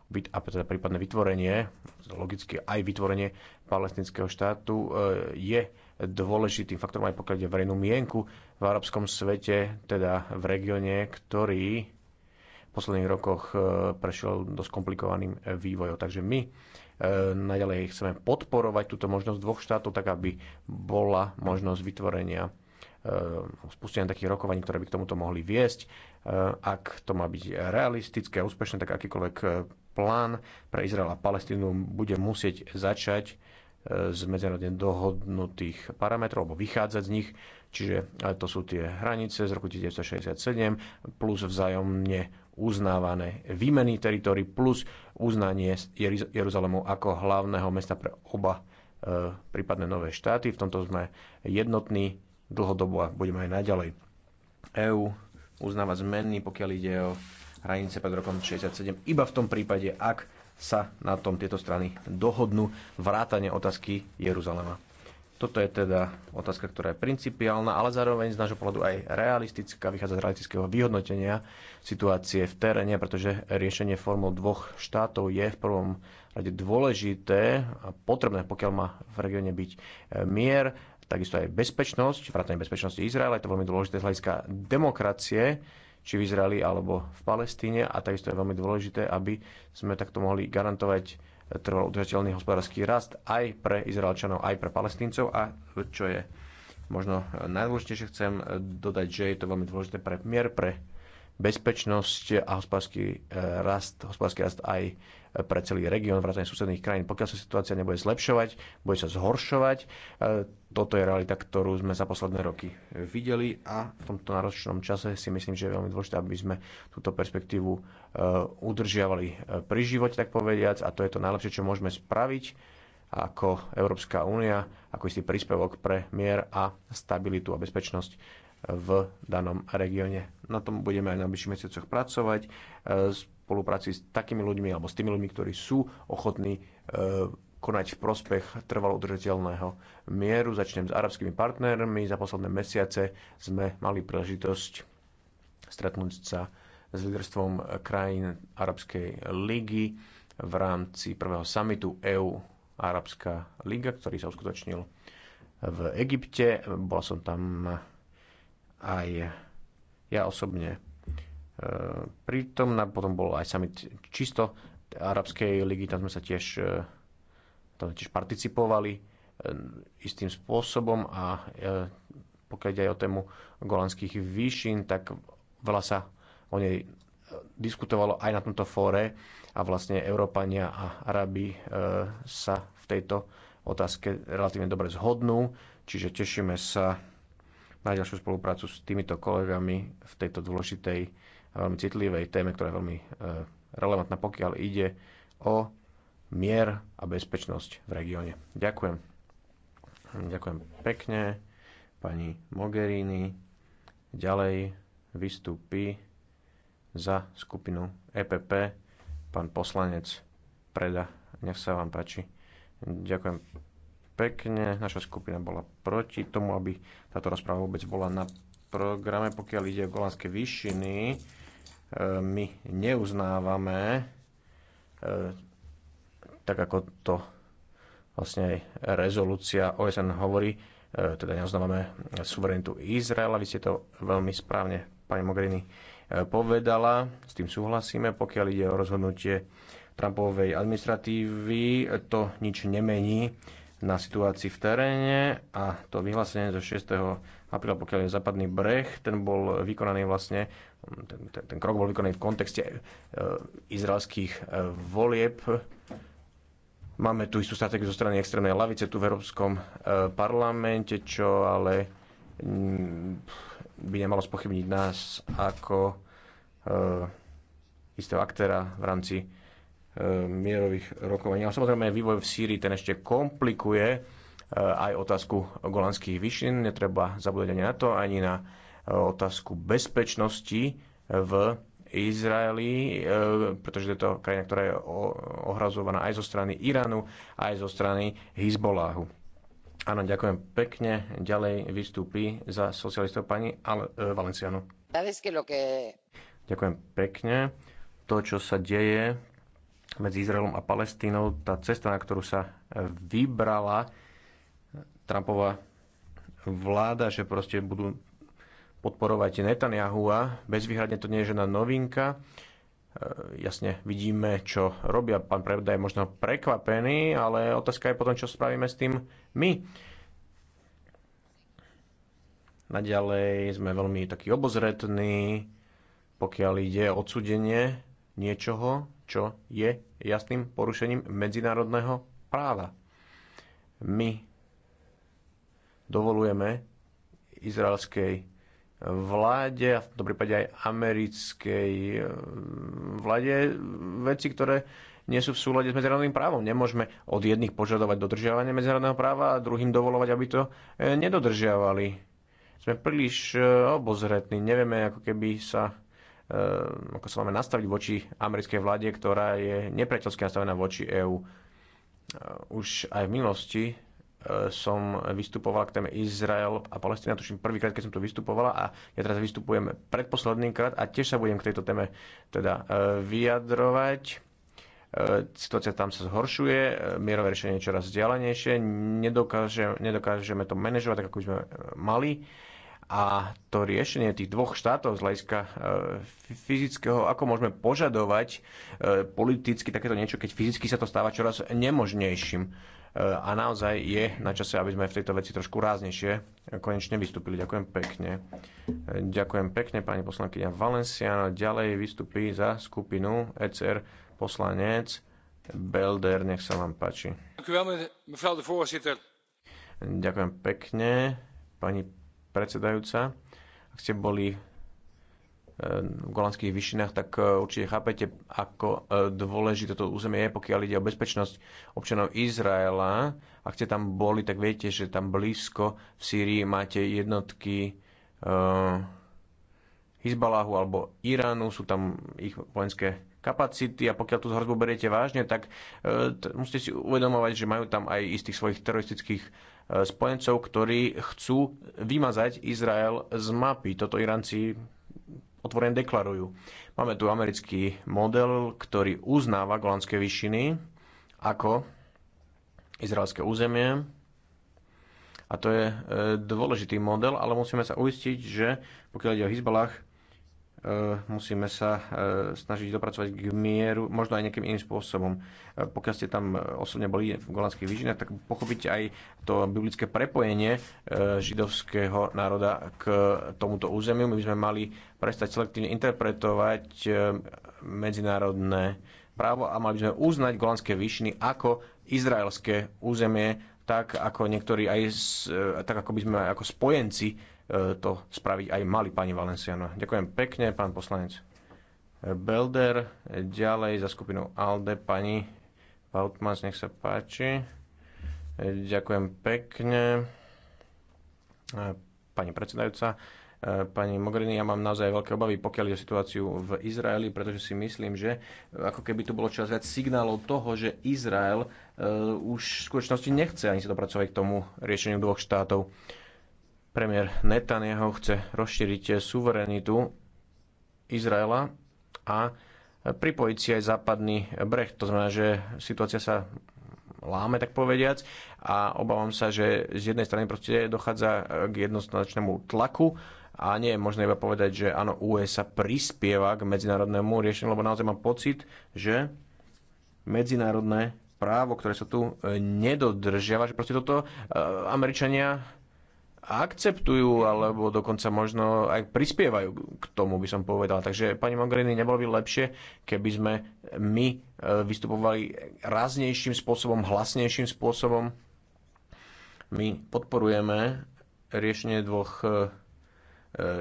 a teda prípadné vytvorenie, logicky aj vytvorenie palestinského štátu je dôležitým faktorom aj pokiaľ ide verejnú mienku v arabskom svete, teda v regióne, ktorý posledných rokoch e, prešiel dosť komplikovaným e, vývojom. Takže my e, naďalej chceme podporovať túto možnosť dvoch štátov, tak aby bola možnosť vytvorenia spustenia takých rokovaní, ktoré by k tomuto mohli viesť. Ak to má byť realistické a úspešné, tak akýkoľvek plán pre Izrael a Palestínu bude musieť začať z medzinárodne dohodnutých parametrov, alebo vychádzať z nich. Čiže to sú tie hranice z roku 1967 plus vzájomne uznávané výmeny teritórií plus uznanie Jeruzalému ako hlavného mesta pre oba e, prípadné nové štáty. V tomto sme jednotní dlhodobo a budeme aj naďalej. EÚ uznáva zmeny, pokiaľ ide o hranice pred rokom 67, iba v tom prípade, ak sa na tom tieto strany dohodnú vrátane otázky Jeruzalema. Toto je teda otázka, ktorá je principiálna, ale zároveň z nášho pohľadu aj realistická, vychádza z realistického vyhodnotenia situácie v teréne, pretože riešenie formou dvoch štátov je v prvom rade dôležité a potrebné, pokiaľ má v regióne byť e, mier, takisto aj bezpečnosť, vrátanie bezpečnosti Izraela, je to veľmi dôležité z hľadiska demokracie, či v Izraeli alebo v Palestíne a takisto je veľmi dôležité, aby sme takto mohli garantovať trval udržateľný hospodársky rast aj pre Izraelčanov, aj pre Palestíncov a čo je možno najdôležitejšie chcem dodať, že je to veľmi dôležité pre mier, pre bezpečnosť a hospodársky eh, rast, hospodársky rast aj pre celý región, vrátane susedných krajín. Pokiaľ sa situácia nebude zlepšovať, bude sa zhoršovať. Eh, toto je realita, ktorú sme za posledné roky videli a v tomto náročnom čase si myslím, že je veľmi dôležité, aby sme túto perspektívu eh, udržiavali pri živote, tak povediac, a to je to najlepšie, čo môžeme spraviť ako Európska únia, ako istý príspevok pre mier a stabilitu a bezpečnosť v danom regióne. Na tom budeme aj na najbližších mesiacoch pracovať e, v spolupráci s takými ľuďmi alebo s tými ľuďmi, ktorí sú ochotní e, konať v prospech trvalo udržateľného mieru. Začnem s arabskými partnermi. Za posledné mesiace sme mali príležitosť stretnúť sa s líderstvom krajín Arabskej ligy v rámci prvého samitu EU Arabská liga, ktorý sa uskutočnil v Egypte. Bola som tam aj ja osobne e, prítomná. Potom bol aj summit čisto Arabskej ligy, tam sme sa tiež, e, tam tiež participovali e, istým spôsobom a pokiaľ ide aj o tému golanských výšin, tak veľa sa o nej diskutovalo aj na tomto fóre a vlastne Európania a Arabi sa v tejto otázke relatívne dobre zhodnú, čiže tešíme sa na ďalšiu spoluprácu s týmito kolegami v tejto dôležitej a veľmi citlivej téme, ktorá je veľmi e, relevantná, pokiaľ ide o mier a bezpečnosť v regióne. Ďakujem. Ďakujem pekne pani Mogherini. Ďalej vystúpi za skupinu EPP pán poslanec Preda. Nech sa vám páči. Ďakujem pekne. Naša skupina bola proti tomu, aby táto rozpráva vôbec bola na programe. Pokiaľ ide o Golanské výšiny, e, my neuznávame, e, tak ako to vlastne aj rezolúcia OSN hovorí, e, teda neuznávame suverenitu Izraela. Vy ste to veľmi správne, pani Mogherini, povedala. S tým súhlasíme, pokiaľ ide o rozhodnutie Trumpovej administratívy. To nič nemení na situácii v teréne a to vyhlásenie zo 6. apríla, pokiaľ je západný breh, ten bol vykonaný vlastne, ten, ten, ten krok bol vykonaný v kontexte e, izraelských e, volieb. Máme tu istú stratégiu zo strany extrémnej lavice tu v Európskom e, parlamente, čo ale mm, by nemalo spochybniť nás ako e, istého aktéra v rámci Eh, mierových rokovaní. A samozrejme vývoj v Sýrii ten ešte komplikuje eh, aj otázku golanských výšin. Netreba zabúdať ani na to, ani na eh, otázku bezpečnosti v Izraeli, pretože to je to krajina, ktorá je ohrazovaná aj zo strany Iránu, aj zo strany Hezboláhu. Áno, ďakujem pekne. Ďalej vystúpi za socialistov pani Al- Valenciano. Ďakujem pekne. To, čo sa deje medzi Izraelom a Palestínou, tá cesta, na ktorú sa vybrala Trumpová vláda, že proste budú podporovať Netanyahu a bezvýhradne to nie je žena novinka. E, jasne, vidíme, čo robia. Pán Prevda je možno prekvapený, ale otázka je potom, čo spravíme s tým my. Naďalej sme veľmi takí obozretní, pokiaľ ide o odsudenie niečoho, čo je jasným porušením medzinárodného práva. My dovolujeme izraelskej vláde a v tomto prípade aj americkej eh, vláde veci, ktoré nie sú v súlade s medzinárodným právom. Nemôžeme od jedných požadovať dodržiavanie medzinárodného práva a druhým dovolovať, aby to eh, nedodržiavali. Sme príliš eh, obozretní, nevieme ako keby sa Ehm, ako sa máme nastaviť voči americkej vláde, ktorá je nepriateľsky nastavená voči EÚ. Ehm, už aj v minulosti ehm, som vystupoval k téme Izrael a Palestina, tuším prvýkrát, keď som tu vystupovala a ja teraz vystupujem predposledný krát a tiež sa budem k tejto téme teda e, vyjadrovať. E, situácia tam sa zhoršuje, e, mierové riešenie je čoraz vzdialenejšie, nedokážeme, nedokážeme to manažovať tak, ako by sme mali a to riešenie tých dvoch štátov z hľadiska e, fyzického, ako môžeme požadovať e, politicky takéto niečo, keď fyzicky sa to stáva čoraz nemožnejším. E, a naozaj je na čase, aby sme v tejto veci trošku ráznejšie konečne vystúpili. Ďakujem pekne. Ďakujem pekne pani poslankyňa Valenciano. Ďalej vystupí za skupinu ECR poslanec Belder. Nech sa vám páči. Ďakujem pekne, pani predsedajúca. Ak ste boli e, v Golandských vyšinách, tak e, určite chápete, ako e, dôležité to územie je, pokiaľ ide o bezpečnosť občanov Izraela. Ak ste tam boli, tak viete, že tam blízko v Sýrii máte jednotky Hezbalahu alebo Iránu, sú tam ich vojenské kapacity a pokiaľ tú hrozbu beriete vážne, tak musíte si uvedomovať, že majú tam aj istých svojich teroristických E, spojencov, ktorí chcú vymazať Izrael z mapy. Toto Iránci otvorene deklarujú. Máme tu americký model, ktorý uznáva Golanské vyšiny ako izraelské územie. A to je e, dôležitý model, ale musíme sa uistiť, že pokiaľ ide o Hizbalách, E, musíme sa e, snažiť dopracovať k mieru, možno aj nejakým iným spôsobom. E, pokiaľ ste tam osobne boli v Golanských výžinách, tak pochopíte aj to biblické prepojenie židovského národa k tomuto územiu. My by sme mali prestať selektívne interpretovať medzinárodné právo a mali by sme uznať Golanské výšiny ako izraelské územie, tak ako niektorí aj, tak ako by sme ako spojenci to spraví aj mali pani Valenciano. Ďakujem pekne, pán poslanec Belder. Ďalej za skupinu ALDE pani Vautmans, nech sa páči. Ďakujem pekne, pani predsedajúca. Pani Mogherini, ja mám naozaj veľké obavy, pokiaľ je situáciu v Izraeli, pretože si myslím, že ako keby tu bolo čas viac signálov toho, že Izrael eh, už v skutočnosti nechce ani sa dopracovať k tomu riešeniu dvoch štátov. Premiér Netanyahu chce rozšíriť suverenitu Izraela a pripojiť si aj západný breh. To znamená, že situácia sa láme, tak povediac, a obávam sa, že z jednej strany proste dochádza k jednoznačnému tlaku a nie je možné iba povedať, že áno, USA prispieva k medzinárodnému riešeniu, lebo naozaj mám pocit, že medzinárodné právo, ktoré sa tu nedodržiava, že proste toto eh, Američania akceptujú alebo dokonca možno aj prispievajú k tomu, by som povedal. Takže pani Mogherini, nebolo by lepšie, keby sme my e, vystupovali raznejším spôsobom, hlasnejším spôsobom. My podporujeme riešenie dvoch e,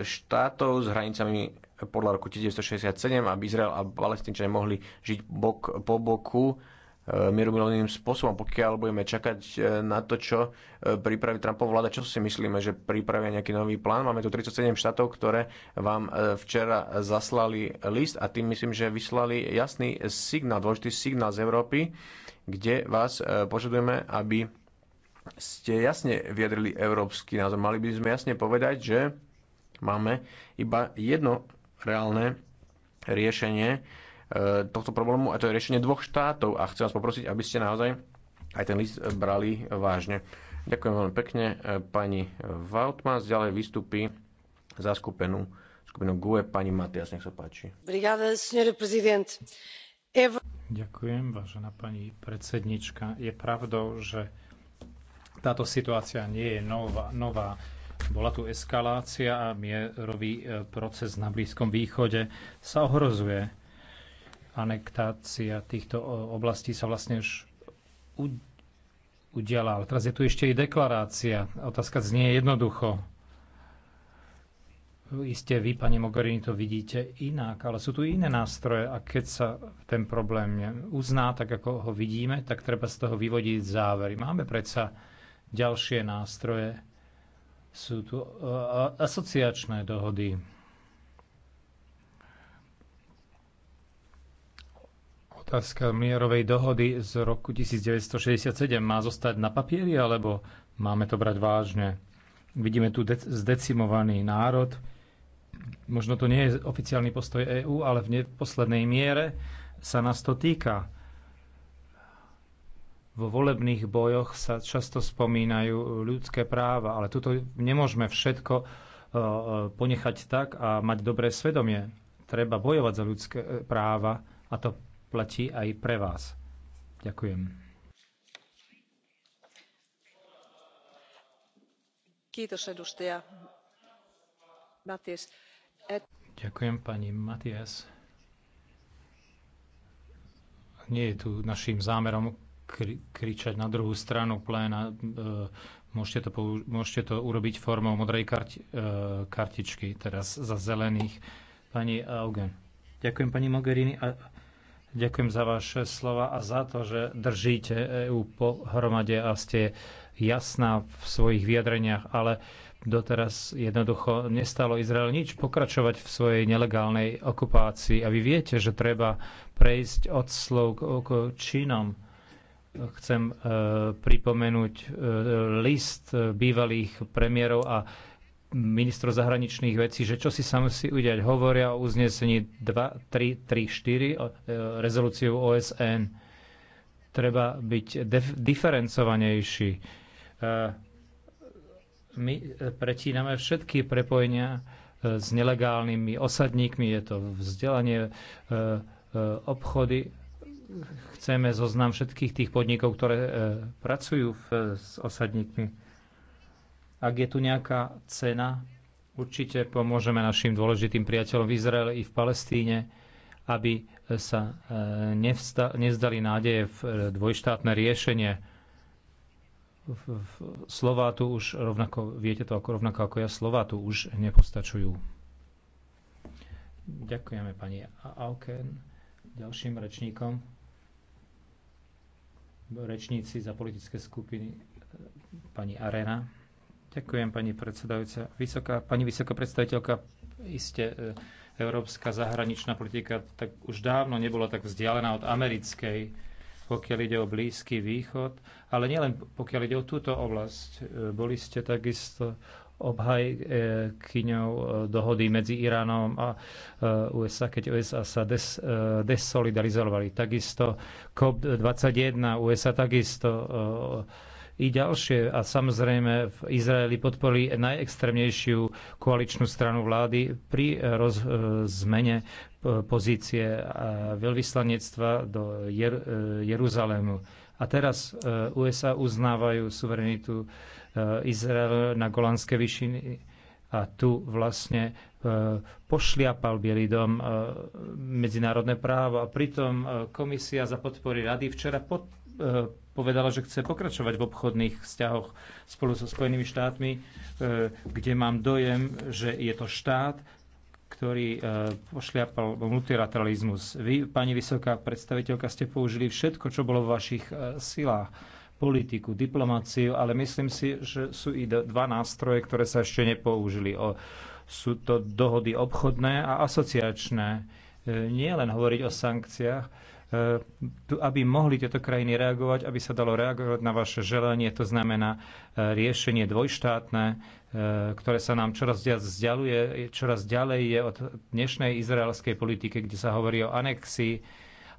štátov s hranicami podľa roku 1967, aby Izrael a Palestínčania mohli žiť bok po boku mierumilovným spôsobom, pokiaľ budeme čakať e, na to, čo e, pripraví Trumpov vláda. Čo si myslíme, že pripravia nejaký nový plán? Máme tu 37 štátov, ktoré vám e, včera zaslali list a tým myslím, že vyslali jasný signál, dôležitý signál z Európy, kde vás požadujeme, aby ste jasne vyjadrili európsky názor. Mali by sme jasne povedať, že máme iba jedno reálne riešenie, E, tohto problému a to je riešenie dvoch štátov a chcem vás poprosiť, aby ste naozaj aj ten list brali vážne. Ďakujem veľmi pekne e, pani Vautmans. Ďalej vystupí za skupinu, skupinu GUE pani Matias, nech sa páči. prezident. Ďakujem, vážená pani predsednička. Je pravdou, že táto situácia nie je nová. nová. Bola tu eskalácia a mierový e, proces na Blízkom východe sa ohrozuje anektácia týchto oblastí sa vlastne už udiala. Ale teraz je tu ešte i deklarácia. Otázka znie jednoducho. Isté vy, pani Mogherini, to vidíte inak, ale sú tu iné nástroje a keď sa ten problém uzná, tak ako ho vidíme, tak treba z toho vyvodiť závery. Máme predsa ďalšie nástroje. Sú tu e, e, asociačné dohody, otázka mierovej dohody z roku 1967 má zostať na papieri, alebo máme to brať vážne? Vidíme tu zdecimovaný národ. Možno to nie je oficiálny postoj EÚ, ale v neposlednej miere sa nás to týka. Vo volebných bojoch sa často spomínajú ľudské práva, ale tuto nemôžeme všetko e, e, ponechať tak a mať dobré svedomie. Treba bojovať za ľudské e, práva a to platí aj pre vás. Ďakujem. Ďakujem pani Matias. Nie je tu našim zámerom kričať na druhú stranu pléna. E, môžete to, môžete to urobiť formou modrej karti, e, kartičky, teraz za zelených. Pani Augen. Ďakujem pani Mogherini. A Ďakujem za vaše slova a za to, že držíte EÚ pohromade a ste jasná v svojich vyjadreniach, ale doteraz jednoducho nestalo Izrael nič pokračovať v svojej nelegálnej okupácii. A vy viete, že treba prejsť od slov k činom. Chcem e, pripomenúť e, list e, bývalých premiérov a Ministro zahraničných vecí, že čo si sa musí udiať. Hovoria o uznesení 2, 3, 3, 4, rezolúciu OSN. Treba byť diferencovanejší. E, my pretíname všetky prepojenia e, s nelegálnymi osadníkmi, je to vzdelanie, e, obchody. Chceme zoznam všetkých tých podnikov, ktoré pracujú s osadníkmi ak je tu nejaká cena, určite pomôžeme našim dôležitým priateľom v Izraeli i v Palestíne, aby sa e, nezdali nevzdali nádeje v e, dvojštátne riešenie. Slová tu už rovnako, viete to ako rovnako ako ja, Slová tu už nepostačujú. Ďakujeme pani Auken. Ďalším rečníkom rečníci za politické skupiny e, pani Arena. Ďakujem, pani predsedajúca. Vysoká, pani vysoká predstaviteľka, iste e, európska zahraničná politika tak už dávno nebola tak vzdialená od americkej, pokiaľ ide o Blízky východ, ale nielen pokiaľ ide o túto oblasť. E, boli ste takisto obhajkyňou e, dohody medzi Iránom a USA, keď USA sa des, desolidalizovali. Takisto COP21, USA takisto i ďalšie. A samozrejme v Izraeli podporili najextrémnejšiu koaličnú stranu vlády pri eh, roz, eh, zmene eh, pozície veľvyslanectva do Jer, Jeruzalému. A teraz USA uznávajú suverenitu Izraela na Golanské vyšiny a tu vlastne pošliapal Bielý dom medzinárodné právo. A pritom komisia za podpory rady včera pod, povedala, že chce pokračovať v obchodných vzťahoch spolu so Spojenými štátmi, e, kde mám dojem, že je to štát, ktorý e, pošliapal multilateralizmus. Vy, pani vysoká predstaviteľka, ste použili všetko, čo bolo v vašich e, silách politiku, diplomáciu, ale myslím si, že sú i dva nástroje, ktoré sa ešte nepoužili. O, sú to dohody obchodné a asociačné. Nie len hovoriť o sankciách, aby mohli tieto krajiny reagovať, aby sa dalo reagovať na vaše želanie, to znamená e, riešenie dvojštátne, e, ktoré sa nám čoraz viac vzdialuje, čoraz ďalej je od dnešnej izraelskej politiky, kde sa hovorí o anexii,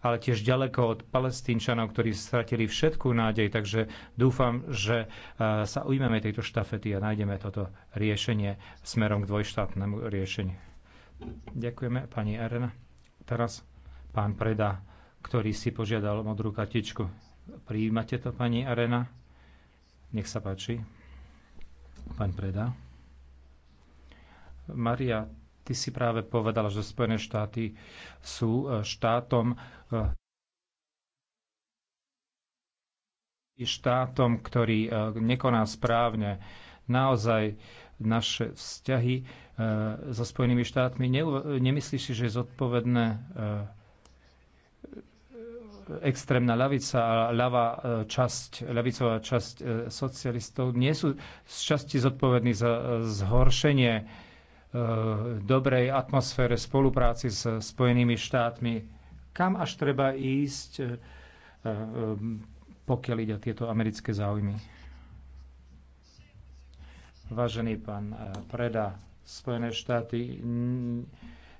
ale tiež ďaleko od palestínčanov, ktorí stratili všetkú nádej. Takže dúfam, že e, sa ujmeme tejto štafety a nájdeme toto riešenie smerom k dvojštátnemu riešeniu. Ďakujeme, pani Arena. Teraz pán Preda ktorý si požiadal modrú kartičku. Prijímate to, pani Arena? Nech sa páči. Pán Preda. Maria, ty si práve povedala, že Spojené štáty sú e, štátom e, štátom, ktorý e, nekoná správne. Naozaj naše vzťahy so Spojenými štátmi, nemyslíš si, že je zodpovedné extrémna ľavica a ľavá e, časť, ľavicová časť e, socialistov nie sú z časti zodpovední za e, zhoršenie dobrej atmosfére spolupráci s Spojenými štátmi. Kam až treba ísť, pokiaľ ide o tieto americké záujmy? Vážený pán Preda, Spojené štáty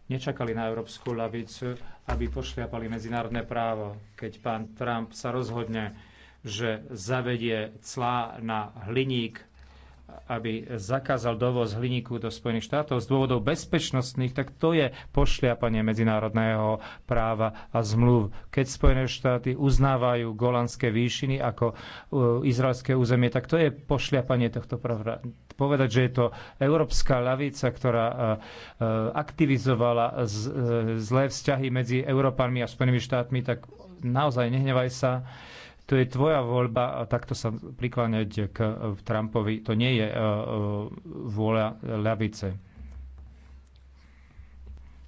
nečakali na európsku lavicu, aby pošliapali medzinárodné právo. Keď pán Trump sa rozhodne, že zavedie clá na hliník, aby zakázal dovoz hliníku do Spojených štátov z dôvodov bezpečnostných, tak to je pošliapanie medzinárodného práva a zmluv. Keď Spojené štáty uznávajú golandské výšiny ako e, izraelské územie, tak to je pošliapanie tohto práva. Povedať, že je to európska lavica, ktorá e, e, aktivizovala zlé vzťahy medzi Európanmi a Spojenými štátmi, tak naozaj nehnevaj sa to je tvoja voľba a takto sa prikláňať k eh, Trumpovi. To nie je eh, eh, vôľa ľavice.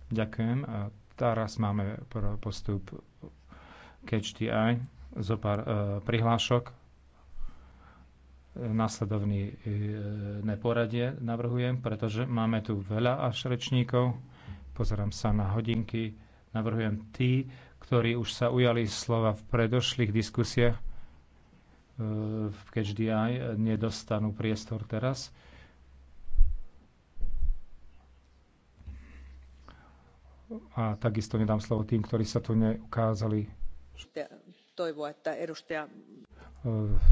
Ďakujem. A teraz máme postup KHTI Zo pár prihlášok uh, neporadie navrhujem, pretože máme tu veľa až rečníkov. Pozerám sa na hodinky. Navrhujem tí, ktorí už sa ujali slova v predošlých diskusiach e, v KDI, aj nedostanú priestor teraz. A takisto nedám slovo tým, ktorí sa tu neukázali. E,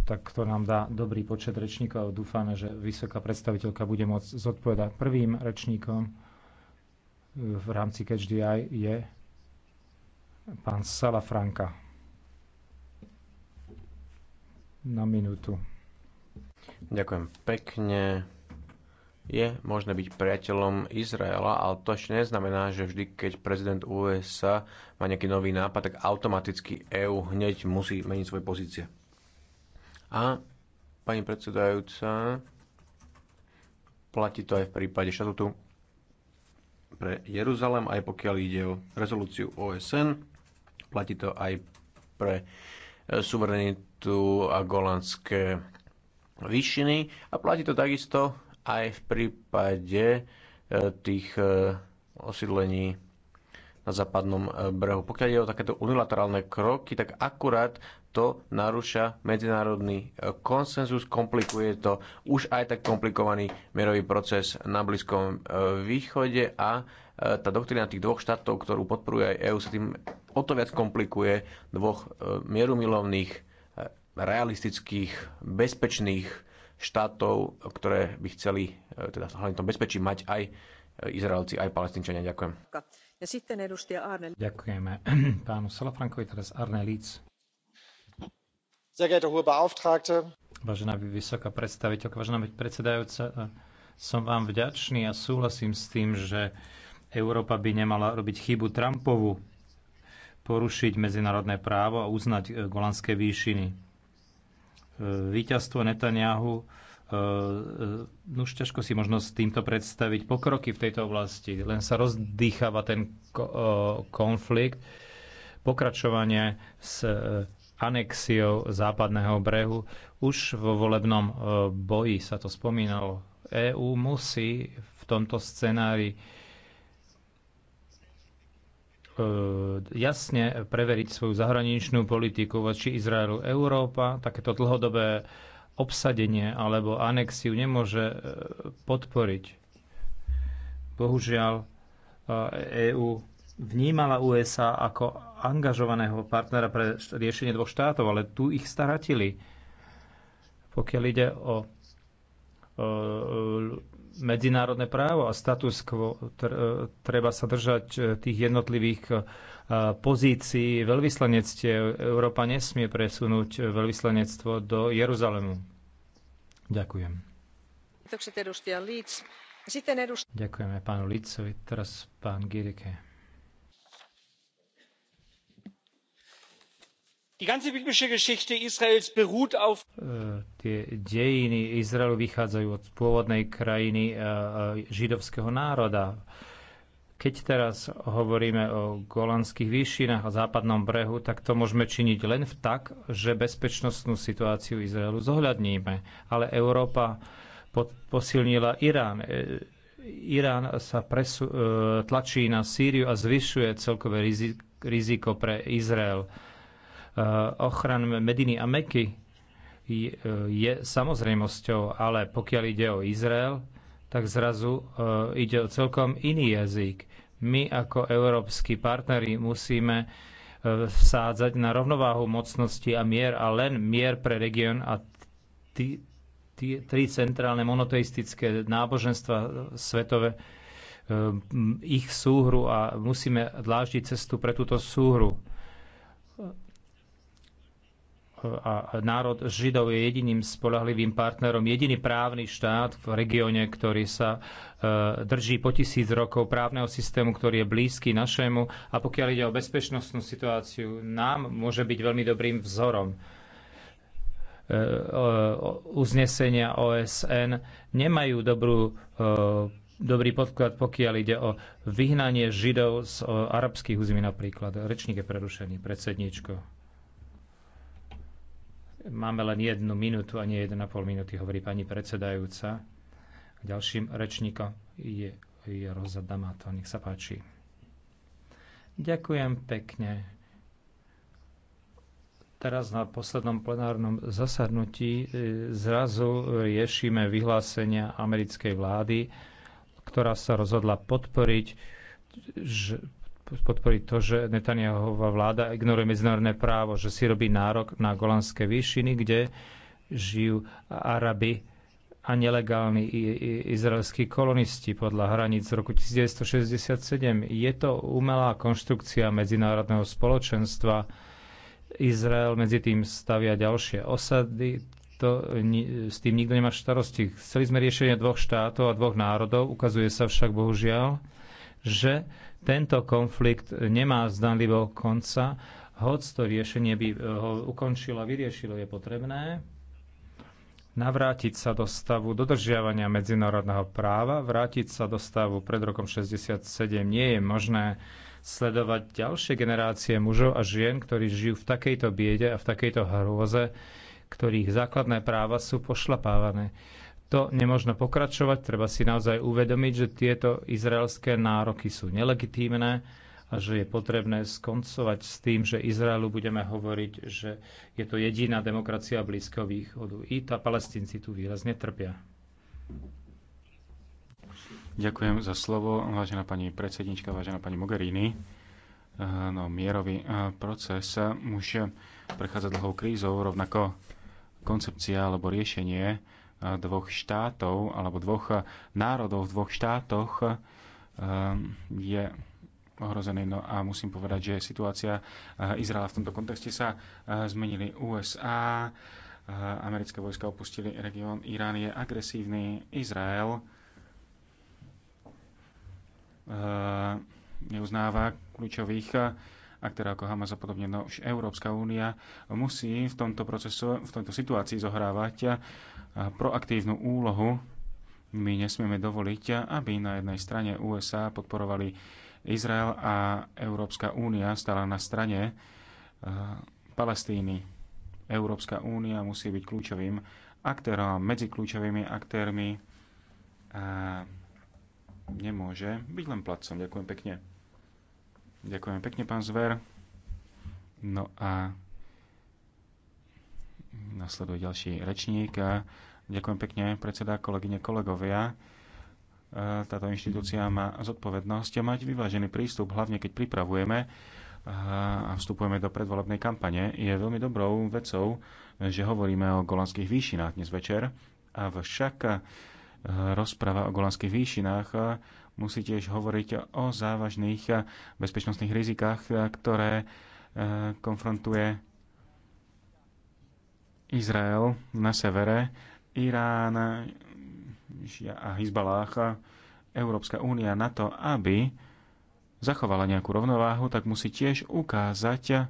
tak to nám dá dobrý počet rečníkov. Dúfame, že vysoká predstaviteľka bude môcť zodpovedať prvým rečníkom e, v rámci KDI je Pán Salafranka. Na minútu. Ďakujem pekne. Je možné byť priateľom Izraela, ale to ešte neznamená, že vždy, keď prezident USA má nejaký nový nápad, tak automaticky EÚ hneď musí meniť svoje pozície. A pani predsedajúca, platí to aj v prípade štatutu pre Jeruzalem, aj pokiaľ ide o rezolúciu OSN platí to aj pre e, suverenitu a golandské výšiny a platí to takisto aj v prípade e, tých e, osídlení na západnom brehu. Pokiaľ je o takéto unilaterálne kroky, tak akurát to narúša medzinárodný eh, konsenzus, komplikuje to už aj tak komplikovaný mierový proces na Blízkom eh, východe a eh, tá doktrina tých dvoch štátov, ktorú podporuje aj EÚ, sa tým o to viac komplikuje dvoch mierumilovných, realistických, bezpečných štátov, ktoré by chceli teda v hlavne tom bezpečí mať aj Izraelci, aj Palestinčania. Ďakujem. Ďakujeme pánu Salafrankovi, teraz Arne Líc. Vážená vysoká predstaviteľka, vážená predsedajúca, e, som vám vďačný a súhlasím s tým, že Európa by nemala robiť chybu Trumpovu, porušiť medzinárodné právo a uznať e, golanské výšiny. E, Výťazstvo Netanyahu no už ťažko si možno s týmto predstaviť pokroky v tejto oblasti. Len sa rozdýchava ten konflikt. Pokračovanie s anexiou západného brehu. Už vo volebnom e, boji sa to spomínalo. EÚ musí v tomto scenári e, jasne preveriť svoju zahraničnú politiku voči Izraelu. Európa takéto dlhodobé obsadenie alebo anexiu nemôže e, podporiť. Bohužiaľ, EÚ vnímala USA ako angažovaného partnera pre riešenie dvoch štátov, ale tu ich staratili. Pokiaľ ide o, o medzinárodné právo a status quo, treba sa držať e, tých jednotlivých e, pozícií Veľvyslanectie Európa nesmie presunúť veľvyslanectvo do Jeruzalemu. Ďakujem. Ďakujeme pánu Licovi, teraz pán Girike. Äh, tie dejiny Izraelu vychádzajú od pôvodnej krajiny äh, äh, židovského národa. Keď teraz hovoríme o golandských výšinách a západnom brehu, tak to môžeme činiť len v tak, že bezpečnostnú situáciu Izraelu zohľadníme. Ale Európa posilnila Irán. Irán sa presu, tlačí na Sýriu a zvyšuje celkové riziko pre Izrael Eh, ochran Mediny a Meky eh, je samozrejmosťou, ale pokiaľ ide o Izrael, tak zrazu eh, ide o celkom iný jazyk. My ako európsky partneri musíme vsádzať na rovnováhu mocnosti a mier a len mier pre región a tie tri centrálne monoteistické náboženstva svetové ich súhru a musíme dláždiť cestu pre túto súhru a národ Židov je jediným spolahlivým partnerom, jediný právny štát v regióne, ktorý sa e, drží po tisíc rokov právneho systému, ktorý je blízky našemu a pokiaľ ide o bezpečnostnú situáciu, nám môže byť veľmi dobrým vzorom e, uznesenia OSN nemajú dobrú, e, dobrý podklad, pokiaľ ide o vyhnanie Židov z arabských území napríklad. Rečník je prerušený, predsedníčko. Máme len jednu minútu a nie 1,5 minúty, hovorí pani predsedajúca. Ďalším rečníkom je, je Roza Damato. Nech sa páči. Ďakujem pekne. Teraz na poslednom plenárnom zasadnutí e, zrazu riešime vyhlásenia americkej vlády, ktorá sa rozhodla podporiť podporiť to, že Netanyahová vláda ignoruje medzinárodné právo, že si robí nárok na Golanské výšiny, kde žijú Araby a nelegálni izraelskí kolonisti podľa hraníc z roku 1967. Je to umelá konštrukcia medzinárodného spoločenstva. Izrael medzi tým stavia ďalšie osady, to, s tým nikto nemá starosti. Chceli sme riešenie dvoch štátov a dvoch národov, ukazuje sa však bohužiaľ, že tento konflikt nemá zdanlivo konca, hoď to riešenie by eh, ho ukončilo a vyriešilo je potrebné navrátiť sa do stavu dodržiavania medzinárodného práva, vrátiť sa do stavu pred rokom 67 nie je možné sledovať ďalšie generácie mužov a žien, ktorí žijú v takejto biede a v takejto hrôze, ktorých základné práva sú pošlapávané to nemožno pokračovať. Treba si naozaj uvedomiť, že tieto izraelské nároky sú nelegitímne a že je potrebné skoncovať s tým, že Izraelu budeme hovoriť, že je to jediná demokracia Blízkeho východu. I tá palestinci tu výrazne trpia. Ďakujem za slovo, vážená pani predsednička, vážená pani Mogherini. Eh, no, mierový eh, proces eh, už prechádza dlhou krízou, rovnako koncepcia alebo riešenie dvoch štátov alebo dvoch národov v dvoch štátoch um, je ohrozený. No a musím povedať, že situácia uh, Izraela v tomto kontexte sa uh, zmenili USA, uh, americké vojska opustili región, Irán je agresívny, Izrael neuznáva kľúčových a ktorá ako Hamas a podobne. No už Európska únia musí v tomto procesu, v tejto situácii zohrávať proaktívnu úlohu. My nesmieme dovoliť, aby na jednej strane USA podporovali Izrael a Európska únia stala na strane Palestíny. Európska únia musí byť kľúčovým aktérom, medzi kľúčovými aktérmi a nemôže byť len placom. Ďakujem pekne. Ďakujem pekne, pán Zver. No a nasleduje ďalší rečník. Ďakujem pekne, predseda, kolegyne, kolegovia. E, táto inštitúcia má zodpovednosť mať vyvážený prístup, hlavne keď pripravujeme e, a vstupujeme do predvolebnej kampane. Je veľmi dobrou vecou, že hovoríme o golandských výšinách dnes večer. Avšak rozpráva o Golanských výšinách musí tiež hovoriť o závažných bezpečnostných rizikách, ktoré eh, konfrontuje Izrael na severe, Irán a Hizbalách, Európska únia na to, aby zachovala nejakú rovnováhu, tak musí tiež ukázať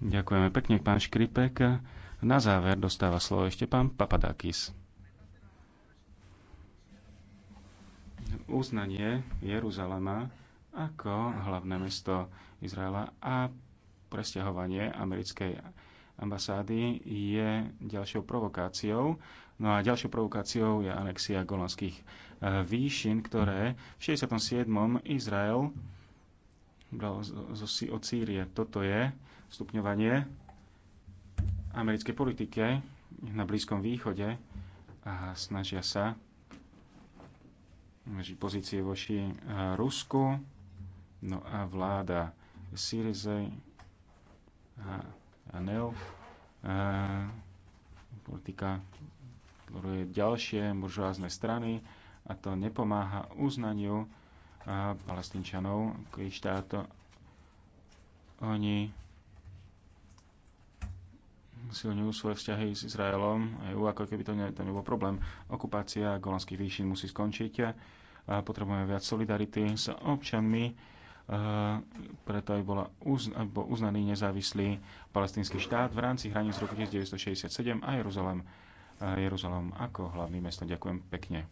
Ďakujeme pekne, pán Škripek. Na záver dostáva slovo ešte pán Papadakis. Uznanie Jeruzalema ako hlavné mesto Izraela a presťahovanie americkej ambasády je ďalšou provokáciou. No a ďalšou provokáciou je anexia golanských výšin, ktoré v 67. Izrael bral od Sýrie. Toto je stupňovanie americkej politike na Blízkom východe a snažia sa žiť pozície voči e, Rusku. No a vláda Syrize a, a Neo e, politika, ktoré je ďalšie buržoázne strany, a to nepomáha uznaniu eh, palestínčanov k štátu. Oni silňujú svoje vzťahy s Izraelom EU, ako keby to, ne, to nebol problém. Okupácia golanských výšin musí skončiť a potrebujeme viac solidarity s občanmi, eh, preto aj, bola uzna, bol uznaný nezávislý palestínsky štát v rámci hraníc roku 1967 a Jeruzalem, Jeruzalem ako hlavný mesto. Ďakujem pekne.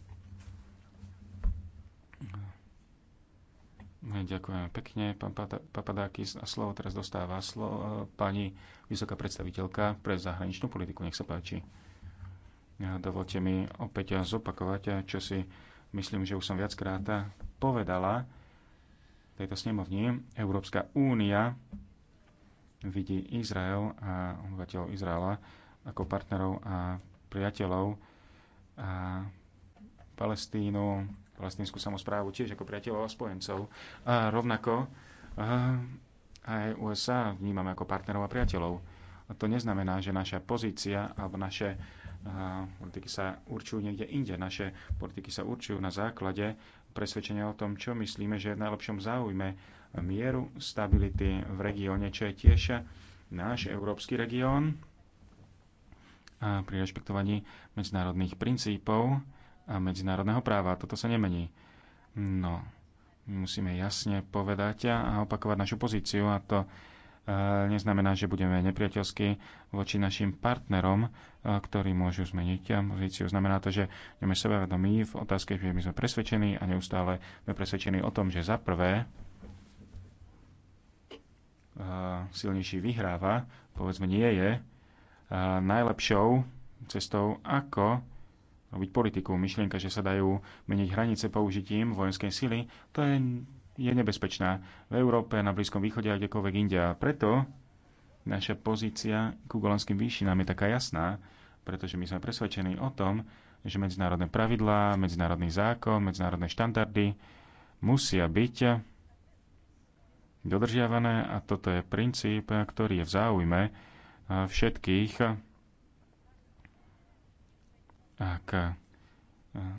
Ďakujem pekne, pán Papadákis. A slovo teraz dostáva slovo pani vysoká predstaviteľka pre zahraničnú politiku. Nech sa páči. Dovolte mi opäť zopakovať, čo si myslím, že už som viackrát povedala tejto snemovni. Európska únia vidí Izrael a obyvateľov Izraela ako partnerov a priateľov a Palestínu, palestinskú samozprávu tiež ako priateľov a spojencov. A rovnako aj USA vnímame ako partnerov a priateľov. A to neznamená, že naša pozícia alebo naše a, politiky sa určujú niekde inde. Naše politiky sa určujú na základe presvedčenia o tom, čo myslíme, že je v najlepšom záujme mieru, stability v regióne, čo je tiež náš európsky región a pri rešpektovaní medzinárodných princípov a medzinárodného práva. Toto sa nemení. No, musíme jasne povedať a opakovať našu pozíciu a to e, neznamená, že budeme nepriateľskí voči našim partnerom, e, ktorí môžu zmeniť e, pozíciu. Znamená to, že budeme sebavedomí v otázke, že my sme presvedčení a neustále sme presvedčení o tom, že za prvé silnejší vyhráva, povedzme nie je najlepšou cestou, ako robiť politiku. Myšlienka, že sa dajú meniť hranice použitím vojenskej sily, to je, je nebezpečná v Európe, na Blízkom východe a kdekoľvek India. Preto naša pozícia ku Golanským výšinám je taká jasná, pretože my sme presvedčení o tom, že medzinárodné pravidlá, medzinárodný zákon, medzinárodné štandardy musia byť dodržiavané a toto je princíp, ktorý je v záujme všetkých ak